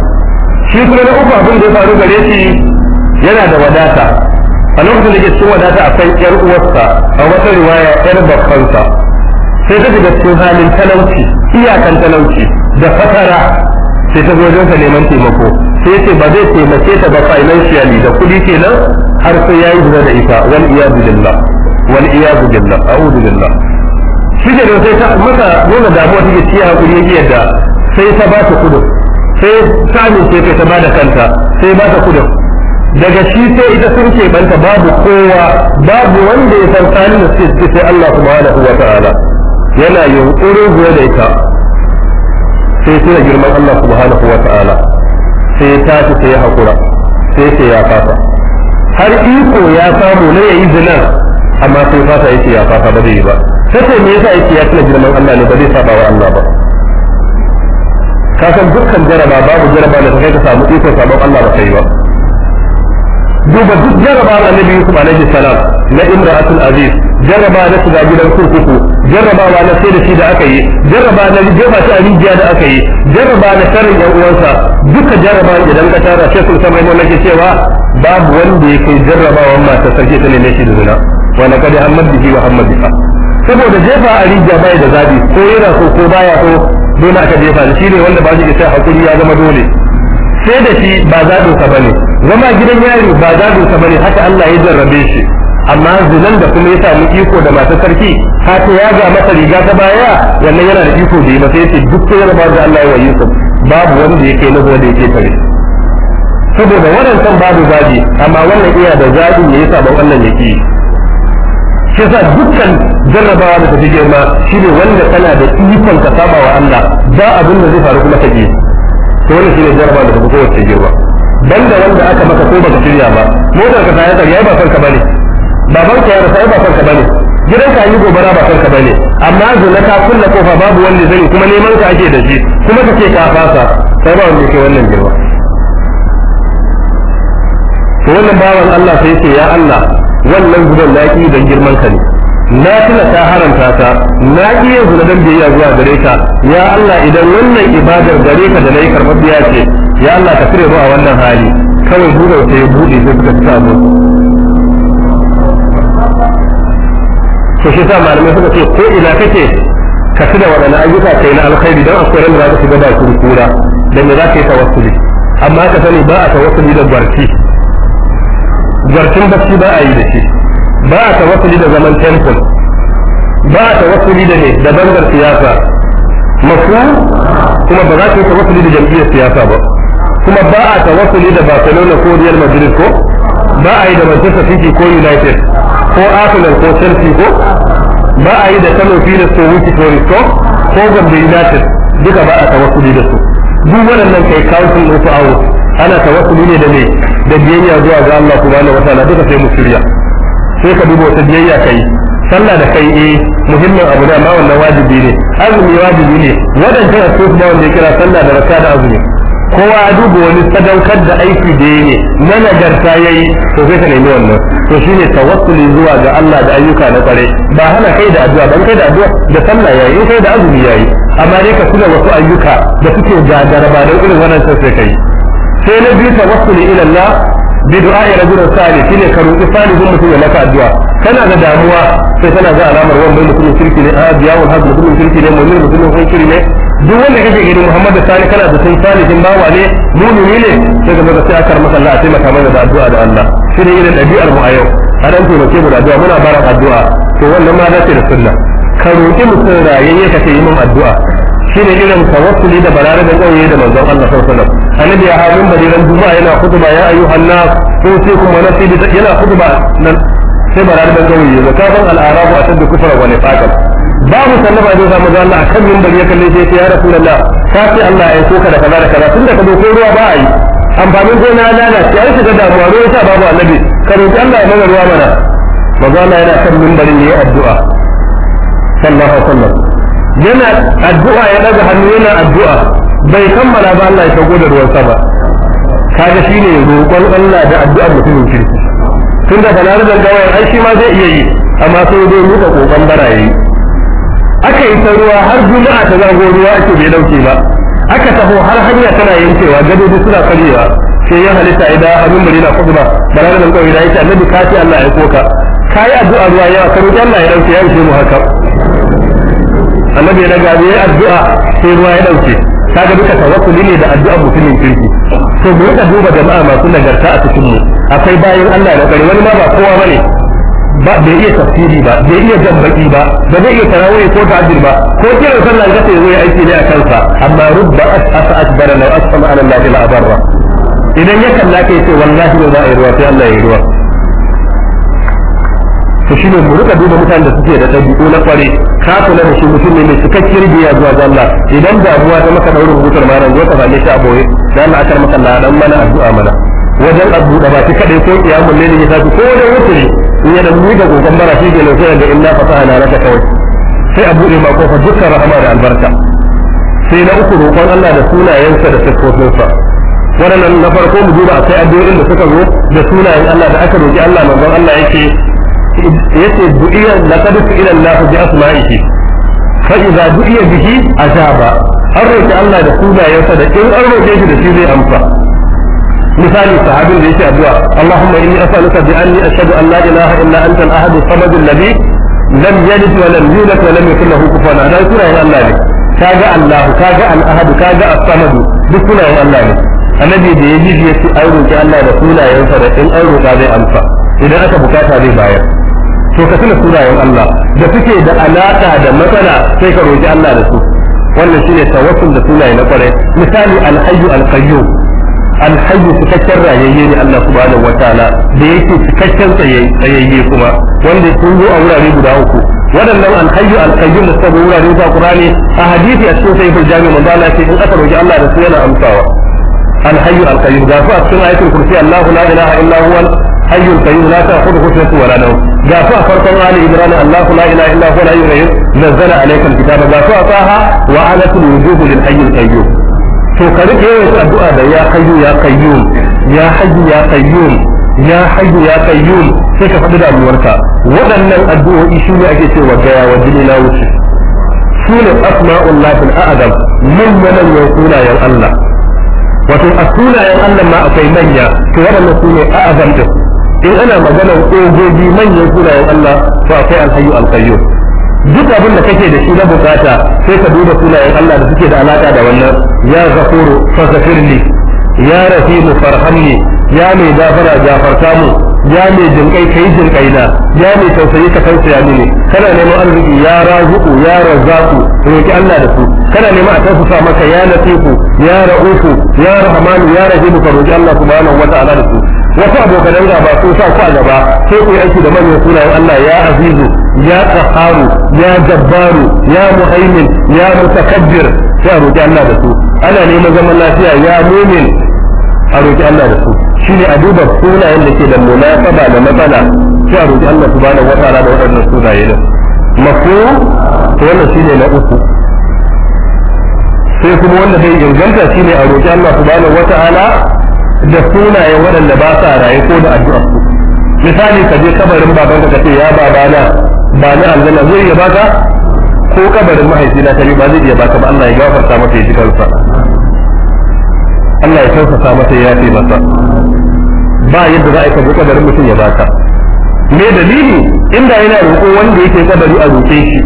shi kuma na uku abin da ya faru gare shi yana da wadata a lokacin da ke cikin wadata a kan yar uwarsa a wata riwaya yar babbansa sai ta shiga cikin halin talauci iyakan talauci da fasara, sai ta zo ka neman taimako sai ce ba zai taimake ta ba financially da kuɗi kenan har sai yi zuwa da ita wal iyadu billah wal iyadu billah a'udhu billah shi da sai ta maka nuna damuwa take ciya hakuri yake yadda sai ta ba ta kudin sai sami sai kai ta bada kanta sai ba ta kudin daga shi sai ita sun keɓanta babu kowa babu wanda ya san tsarin da suke ciki sai Allah subhanahu wa ta'ala yana yunkurin zuwa da ita sai sai da girman Allah subhanahu wa ta'ala sai ta ci sai hakura sai sai ya fasa har iko ya samu na yayi zinan amma sai fasa yake ya fasa ba zai yi ba sai me yasa yake ya tuna girman Allah ne ba zai saba wa Allah ba ka san dukkan jaraba babu jaraba da kai ka samu ikon sabon Allah ba kai ba duba duk jaraba Nabi Yusuf alaihi salam na imra'atul aziz jaraba su ga gidan kurkuku jarrabawa na sai da shi da aka yi jaraba da jefa ba ta rijiya da aka yi jaraba da sharin yan uwansa duka jaraba idan ka tara sai sun san mun nake cewa babu wanda ya jaraba wa mata sarki ta ne shi da zina wa na kada hammad bihi wa amma bihi saboda jefa a rijiya bai da zabi ko yana so ko baya so dole aka jefa shi ne wanda ba shi sai hakuri ya zama dole sai da shi ba zaɓin sa bane zama gidan yari ba zaɓin ba bane haka Allah ya jarrabe shi amma zinan da kuma ya samu iko da masu sarki ta ya ga masa riga ta baya wannan yana da iko da yi masa yace duk sai ya da Allah ya wa Yusuf babu wanda yake na da yake tare saboda waɗancan babu zaɓi amma wannan iya da zaɓi ne ya sabon wannan yake shi yasa dukkan jarrabawa da tafi girma shi ne wanda tana da ikon ka saba wa Allah za abin da zai faru kuma ka ji to wannan ne jarrabawa da tafi kowace girma banda wanda aka maka ko baka shirya ba motar ka ta yi ba kanka bane baban ka ya rasa ba kanka bane gidan ka yi gobara ba kanka bane amma zuna ka kulla kofa babu wanda zai kuma neman ka ake da shi kuma kake ka fasa sai ba wanda yake wannan girma to wannan bawan Allah sai ce ya Allah wannan zuban na ƙi don girman ka ne na tuna ta haramta ta na ƙi yin zuna don biyayya zuwa gare ka ya Allah idan wannan ibadar gare ka da na yi biya ce ya Allah ka cire mu a wannan hali kawai zuwa ta yi buɗe zai suka ci samu to shi sa malamai suka ce ko ina kake ka tuna waɗanne ayyuka kai na alkhairi don akwai ran da za ka shiga bakin kura da me za ka yi tawassuli amma ka sani ba a ta tawassuli da barci zartin bacci ba a yi da shi ba a tawassuli da zaman temple ba a tawassuli da ne da bangar siyasa mafu kuma ba za ka yi tawassuli da jam'iyyar siyasa ba kuma ba a tawassuli da Barcelona ko Real Madrid ko ba a yi da Manchester City ko United ko Arsenal ko Chelsea ko ba a yi da Kano Pilas ko Wiki Tourist ko ko Gombe United duka ba a tawassuli da su duk waɗannan kai kawusin su a wuce ana tawakkuli ne da me da biyayya zuwa ga Allah subhanahu wataala duka sai mu shirya sai ka duba wata biyayya kai sallah da kai eh muhimmin abu ne amma wannan wajibi ne azumi wajibi ne wadannan su kuma wanda ya kira sallah da raka da azumi kowa ya duba wani sadaukar da aiki da ne na nagarta yayi to sai ka nemi wannan to shine tawakkuli zuwa ga Allah da ayyuka na kware ba hana kai da addu'a ban kai da addu'a da sallah yayi in kai da azumi yayi amma dai ka kula wasu ayyuka da suke ga ba da irin wannan sai kai sai na biyu tawassuli ila Allah bi ya rajulin sali shine ka roki salihin mutum ya maka addu'a kana da damuwa sai kana ga alamar wannan mutumin kirki ne a biyawul hadu mutumin kirki ne mu'min mutumin kirki ne duk wanda kake gani Muhammad da sali kana da sun sali salihin bawa ne mumini ne sai ka ga sai akar masa Allah sai maka mana da addu'a da Allah shine irin dabi'ar mu a yau a dan taimake mu da addu'a muna baran addu'a to wannan ma za ta da sunna ka roki mutum rayayye ka ce yi min addu'a shine irin tawassuli da da kauye da manzon Allah sallallahu alaihi wasallam annabi ya hawo bari ran duba yana khutba ya ayyuhan nas ko sai kuma nasi da yana khutba nan sai bararabar kauye zakatan al-arabu ashaddu kufra wa nifaqan babu sallama da zama Allah akan minbar ya kalle sai ya rasulullah ka ce Allah ya aiko ka da kaza da kaza tunda ka doko ruwa ba a yi amfanin gona sai ai shiga damuwa ruwa sa babu annabi ka roki Allah ya mana ruwa mana maza Allah yana kan minbarin yayi addu'a sallallahu alaihi wasallam yana addu'a ya daga hannu yana addu'a bai kammala ba Allah ya sauko da ruwan sama kaga shine roƙon Allah da addu'a mutumin kirki tunda kana da gawa ai shi ma zai iya yi amma sai dai muka kokon barayi aka yi ta ruwa har juma'a ta zago ruwa ake bai dauke ba aka taho har hanya tana yankewa gadoji suna karyewa sai ya halitta ida abin bari na kuma ba balar da gawayi da yake annabi kafi Allah ya koka kai addu'a ruwa yawa karu Allah ya dauke ya rushe mu haka annabi na gabe ya addu'a sai ruwa ya dauke kaga duka tawakkuli ne da addu'a mutumin kirki to mu ka duba jama'a masu nagarta a cikin mu akwai bayan Allah da kare wani ma ba kowa bane ba bai iya tafsiri ba bai iya jambaki ba ba zai iya tarawih ko tahajjud ba ko kiran sallah ga sai zai aiki ne a kansa amma rubba asfa akbara law asma ala allahi la barra idan ya kalla ke sai wallahi ba za a yi ruwa sai Allah ya yi ruwa to shine mu rika duba mutanen da suke da dabi'u na kware ka kula da shi mutum ne mai cikakkiyar biya zuwa ga Allah idan damuwa ta maka daurin rubutar ma ran zo ka falle shi a boye dan Allah maka mana addu'a mana wajen abu da baki kade ko kiyamul layli ya tafi ko da wuce in ya da mu ga gogon mara shi ke lafiya da inna fasaha laka kawai sai abu ne ma fa dukkan rahama da albarka sai na uku roƙon Allah da sunayensa da siffofinsa wannan na farko mu duba akwai addu'o'in da suka zo da sunayen Allah da aka roki Allah manzon Allah yake yace du'iya laqad ila Allah bi asma'ihi fa idza du'iya bihi ajaba an roki Allah da sunayensa da in an roke shi da shi zai amsa misali sahabin da yake addu'a Allahumma inni as'aluka bi anni ashhadu an la ilaha illa anta al-ahad as-samad alladhi lam yalid wa lam yulad wa lam yakul lahu kufuwan ahad dan sunayen Allah ne kaga Allah kaga al-ahad kaga as-samad duk sunayen Allah ne annabi da ya ji ya ce aure ki Allah da sunayensa da in an roka zai amsa idan aka bukata zai bayar to ka tuna sunayen Allah da suke da alaka da matsala sai ka roki Allah da su wannan shine tawassul da sunaye na kwarai misali alhayyu alqayyum alhayyu cikakken rayayye ne Allah subhanahu wataala da yake cikakken tsayayye kuma wanda sun zo a wurare guda uku waɗannan alhayyu alqayyum da suka wurare ta Qur'ani a hadisi a cikin sahihul jami manzo Allah ce in aka roki Allah da su yana amsawa alhayyu alqayyum ga su a cikin ayatul kursi Allah la ilaha illa huwal hayyul qayyum la ta'khudhuhu sinatun wa la nawm ga su a farkon ali imran allah la ilaha illa huwa la yughayyiru nazzala alayka alkitaba ga su a taha wa alatul wujuhu lil hayyil qayyum to ka rike yawan addu'a da ya hayyu ya qayyum ya hayyu ya qayyum ya hayyu ya qayyum sai ka faɗi damuwarka waɗannan addu'o'i shi ne ake cewa gaya wa jini na wuce su ne asma'ullahi al'adam manyan sunayen allah wato a sunayen Allah ma akwai manya to waɗannan su ne a azam din in ana maganar ogogi manyan sunayen Allah to akwai alhayyu alqayyum duk abin da kake da shi na bukata sai ka duba sunayen Allah da suke da alaka da wannan ya fa faghfirli ya rahimu farhamni ya mai gafara gafarta mu ya mai jinkai kai jinkai na ya mai tausayi ka tausaya mini kana neman arziki ya razuku ya razzaku roki Allah da su kana neman a tausasa maka ya latifu ya ra'ufu ya rahmanu ya rahimu ka roki Allah subhanahu wa ta'ala da su wasu Dauda ba sun sa ku a gaba sai ku yi aiki da manyan sunayen Allah ya azizu ya qaharu ya jabbaru ya muhaimin ya mutakabbir sai a roki Allah da su ana neman zaman lafiya ya mumin a roki Allah da su shine a duba sunayen da ke da munasaba da matsala sai a roki Allah subhanahu wa ta'ala da waɗannan sunaye da mafu to wannan shine na uku sai kuma wanda zai inganta shine a roki Allah subhanahu wa ta'ala da sunayen waɗanda ba sa raye ko da addu'a misali ka je kabarin babanka ka ce ya babana ba ni aljanna zai iya baka ko kabarin mahaifina ta ba zai iya baka ba Allah ya gafarta maka ya ji kansa Allah ya tausasa masa ya yafe masa ba yadda za a kaji kabarin mutum ya baka me dalili inda yana roƙo wanda yake kabari a roƙe shi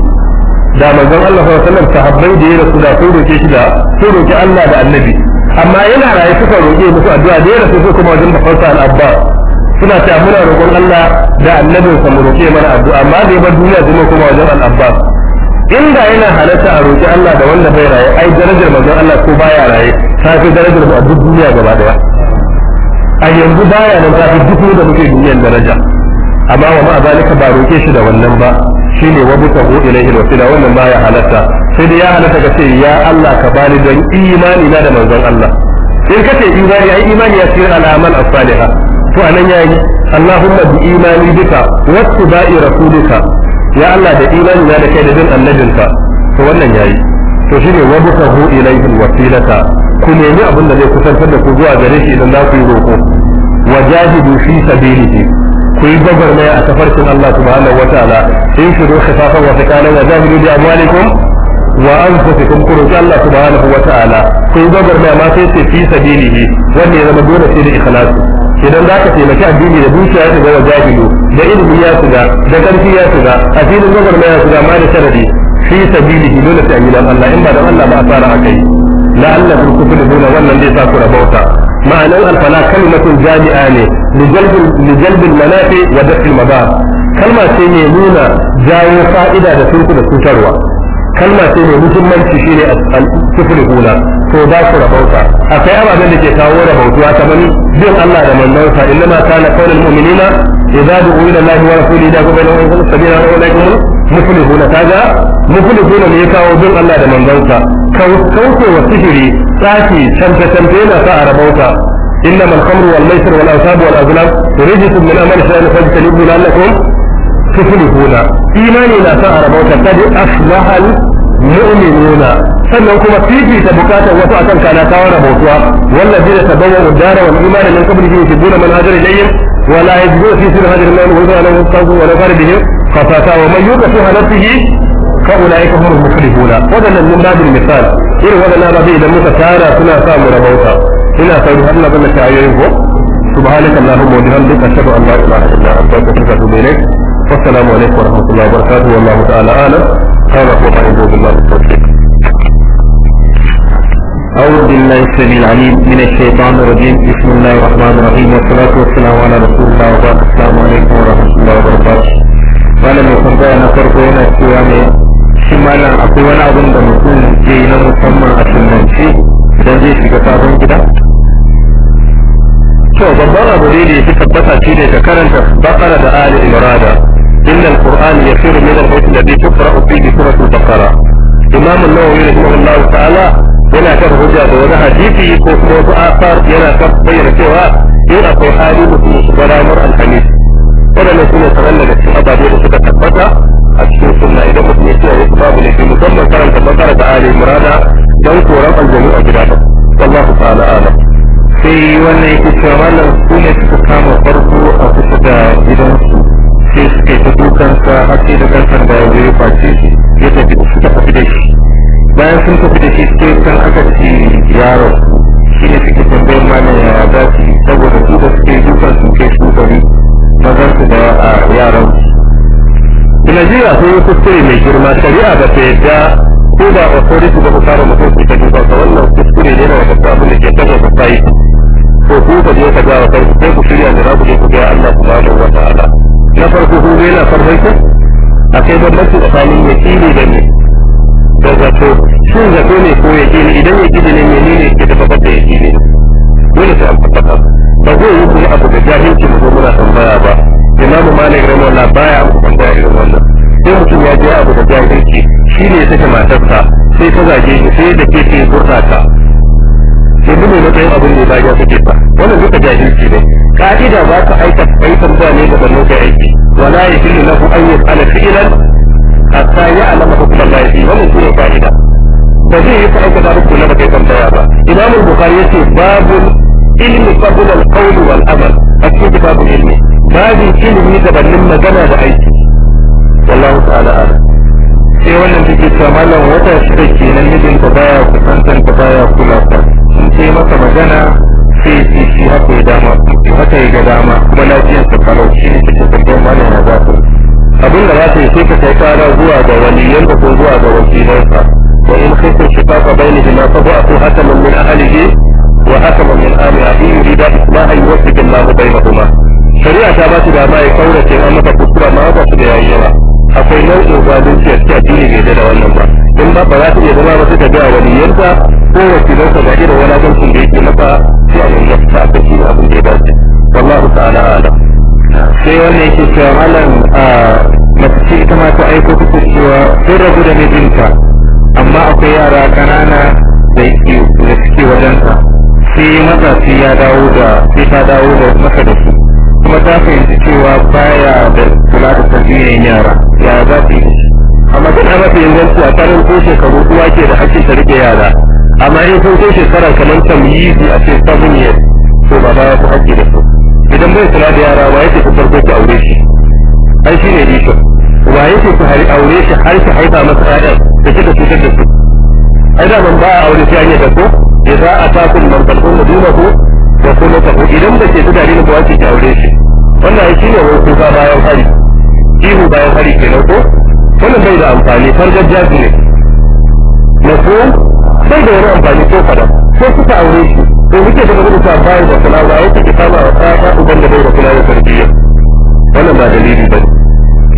da manzon Allah sallallahu alaihi wasallam sahabbai da ya rasu da sun roƙe shi da sun Allah da annabi amma yana raye suka roƙe musu addu'a da ya rasu kuma wajen bafarsa al'abba suna cewa muna roƙon Allah da annabin sa mu roƙe mana addu'a amma da ya bar duniya kuma kuma wajen al'abba inda yana halarta a roƙi Allah da wanda bai raye ai darajar manzon Allah ko baya raye ta fi darajar mu a duk duniya gaba daya a yanzu baya nan ta fi duk da muke duniyar daraja amma wa ma zalika ba roƙe shi da wannan ba Shi ne wa mutahu ilaihi wasila wannan baya halatta sai dai ya halatta ka ce ya Allah ka bani don imani na da manzon Allah in ka ce imani ai imani ya tsira al'amal as-salihah to anan yayi Allahumma bi imani bika wa tibai rasulika ya Allah da imani na da kai da bin annabinka to wannan yayi to shi ne wa mutahu ilaihi wasilata ku nemi abin da zai kusantar da ku zuwa gare shi idan za ku yi roƙo wajahidu fi sabilihi ku yi gwagwarmaya a tafarkin Allah subhanahu wa ta'ala in ku zo khifafan wa fikalan wa zahiru bi amwalikum wa anfusikum ku roki Allah subhanahu wa ta'ala ku yi gwagwarmaya ma sai ce fi sabilihi wanda ya zama dole sai da ikhlasu idan za ka taimaki addini da dukiya ya shiga wa jahilu da ilimi ya shiga da karfi ya shiga a filin gwagwarmaya ya shiga ma da sharadi fi sabilihi dole sai a yi Allah in ba dan Allah ba a fara akai la'alla kun kufu da wannan zai sa ku rabauta ma'anar alfala kalmatun jami'a ne lijalbin manafi wa dafil mabar kalma ce mai nuna jawo fa'ida da turku da cutarwa kalma ce mai muhimmanci shine al-kufr hula to da ku rabauta akwai ababen da ke kawo rabautuwa kamar bin Allah da mannansa inna ma kana qaulul mu'minina idza du'u ila Allah wa rasulihi da kuma lahum sabila wa ulaikum muflihuna kaga muflihuna ne ya kawo bin Allah da mannansa kauce wa sihiri tsafi canfe yana sa a rabauta إنما الخمر والميسر والأنصاب والأزلام رجس من أمر الشيطان فاجتنبوا لعلكم تفلحون إيماني لا سأر موتا قد أفلح المؤمنون sannan kuma ta bukatar wasu akan kana kawo rahotuwa wallazina ta bawa dara wal imani min qablihim yuhibbuna man hajara ilayhim wa la yajiduna fi sirri hajrin man huwa lahu qawlu wa la farbihi fasata wa man yuqa fi فأولئك هم المفلحون ودنا من باب المثال إن ودنا ربي إذا موسى كان سنا سامر موسى إلى سوري الله بن شعيره سبحانك اللهم وبحمدك أشهد أن لا إله إلا أنت أستغفرك وأتوب إليك والسلام عليكم ورحمة الله وبركاته والله تعالى أعلم هذا هو ما يقول بالله التوفيق أعوذ بالله السميع العليم من الشيطان الرجيم بسم الله الرحمن الرحيم والصلاة والسلام على رسول الله وبارك السلام عليكم ورحمة الله وبركاته. Malam ya tambaya na farko yana shi malam akwai wani abin da mutum zai yi na musamman a sunnance idan zai shiga sabon gida to babban abu ne da ya fi tabbata shi ne ka karanta bakara da ali imrada inna alquran yasiru min albayt alladhi tuqra'u fihi suratul baqara imam an-nawawi rahimahullah ta'ala yana kan hujja da wani hadisi ko kuma wasu asar yana kan bayyana cewa in akwai hali mutum su ga ramar alhamis waɗannan su ne kaɗan daga cikin ababe da suka tabbata a cikin sunna idan mutum ya kiyaye su babu laifi musamman karanta bakara da ali murada don koran aljanu a gida ba wallahu ta'ala alam sai wannan yake cewa malam su ne suka kama farko a kusa da gidansu sai suka yi ta dukansa har sai da kansa da ya zai face shi ya tafi suka tafi da shi bayan sun tafi da shi sai kan aka ci yaro shi ne suke tambayar mana ya za saboda su da suke dukan su kai su gari mazan su da yaran su Najeriya sun yi kuskure mai girma shari'a ba ta yadda ko ba a authority ba ku kare mutum su ta duba ka wannan kuskure ne na wata abin da ke tabbata society ko ku ka je ka ga wa kai sai ku shirya da za ku je ku ga Allah subhanahu wa ta'ala na farko kun ga yana ku a bambanci tsakanin yakini da ne da zato shin zato ne ko yakini idan ni ne menene ke tabbatar da yakini dole sai an tabbata ba zai yi abu da jahilci mu zo muna tambaya ba imamu malik rahimahullah baya hukunta da irin wannan sai mutum ya je abu da jahilci shi ne ya sake matarsa sai ta zage shi sai da ke ce burta ta yanzu ne matsayin abin da ba ya suke ba wannan duka jahilci ne ka'ida ba ka aika aikan ba ne da bannu ka aiki wala yahillu lahu an yaf'ala fi'lan hatta ya'lama hukm Allah fi wannan shine ka'ida ba zai yi aika da rukun na bakai tambaya ba imamul bukhari yace babu ilmi qabla al-qawl wal amal a cikin kitabul ilmi babin ilimi gabanin magana da aiki wallahu ta'ala ala sai wannan take cewa malam wata shida kenan mijin ka baya kusantan ka baya kula ka in sai maka magana sai ce shi haka ya dama haka ya ga dama kuma lafiyar sa kalau shi ne take tambayar malam ya ba abin da za ta yi sai ka kai kara zuwa ga waliyan ko zuwa ga wakilansa wa in khifta shiqaqa bainahuma fa ba'tu hakaman min ahlihi wa hakaman min ahlihi yurida islahan yuwaffiq Allahu bainahuma shari'a ta ba su dama ya ce an maka kuskura ma ba su da yayi yawa akwai nau'in zalunci a cikin addini bai da wannan ba in ba ba za ta iya zama ba su ta wani waliyanta ko wakilan sa ba irin wani abincin da yake maka sai a wani mafita a kashi na abin da ya dace wallahu ta'ala ala sai wannan yake cewa malam mace ce ita ma ta aiko kuka cewa sun rabu da mijinta amma akwai yara ƙanana da suke wajensa sai matsa sai ya dawo da sai ta dawo da maka da su kuma ta fahimci cewa baya da kula da tarbiyyar yara ya za ta yi a magana mafi inganci a tsarin ko shekaru uwa ke da hakkin ta rike yara amma in sun ko shekara kamar tamyizi a ce seven years to ba ya ku hakki da su idan bai kula da yara wa yake ku ko ki aure shi ai ne bisho wa yake ku hari aure shi har ki haifa masa ƴaƴan da kika cutar da su ai da ban ba aure shi an yi da a idza atakum man duna ku da kuma ta idan ba ce ta dalilin ba wace ta aure shi wannan shi ne wani kuka bayan hari ihu bayan hari na ko wannan bai da amfani fargajiya ne na ko bai da wani amfani ko kadan ko kuka aure shi to muke da gudu ta bayan da kula ba yake kama a tsaka uban da bai da kula da tarbiyya wannan ba dalili bane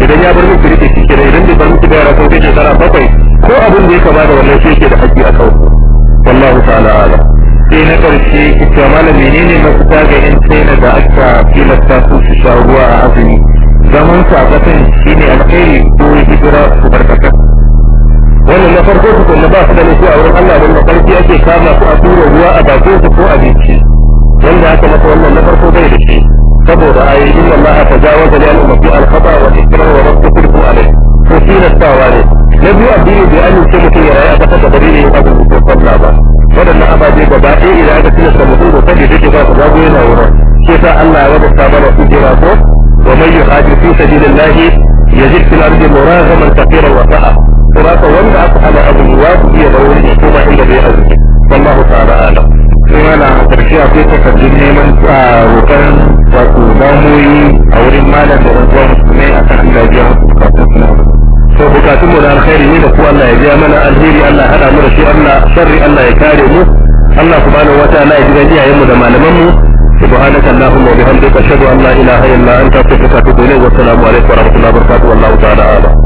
idan ya bar miki rike shi kenan idan bai bar miki da ko sun kai shekara bakwai ko abin da ya kama da wannan shi ke da haƙƙi a kawai wallahu ta'ala alam sai na karshe kuka mala menene mafita ga yan china da aka tilasta su su sha ruwa a azumi zaman su a kasan shine alkhairi ko hijira su barkata wannan na farko su kuma ba su da nufi a wurin allah don na karfi ake kama su a tura ruwa a bakin su ko a abinci wanda aka masa wannan na farko bai da shi saboda ayi inna allaha tajawaza li al-ummati al-khata wa al-ikram wa rabb kullu alayh to shi na tsawa ne na biyu addini bai amince mutum ya rayu a kasa da dalilin abin da ke ba waɗannan ababe gaba ɗaya idan aka tilasta mutum da kaje da ba su zago yana wuri shi sa Allah ya wada wadata mana ujira ko wa man yuhadi fi sabilillahi yajid fil ardi muragaman kathiran wa sa'a to haka wanda aka hana abu wa ku iya da wani ko ba inda bai azuki wallahu ta'ala ala kuma na karshe akwai takardun neman roƙon ah, wato damoyi a wurin malam da ɗan uwa musulmai akan Allah ya biya musu suna to bukatun mu da alkhairi ne da ku Allah ya biya mana alheri Allah hada mu da shi Allah sharri Allah ya kare mu Allah subhanahu wataala ya jiga iyayen mu da malaman mu سبحانك اللهم وبحمدك اشهد ان لا اله الا انت استغفرك واتوب اليك والسلام عليكم ورحمه الله وبركاته والله تعالى اعلم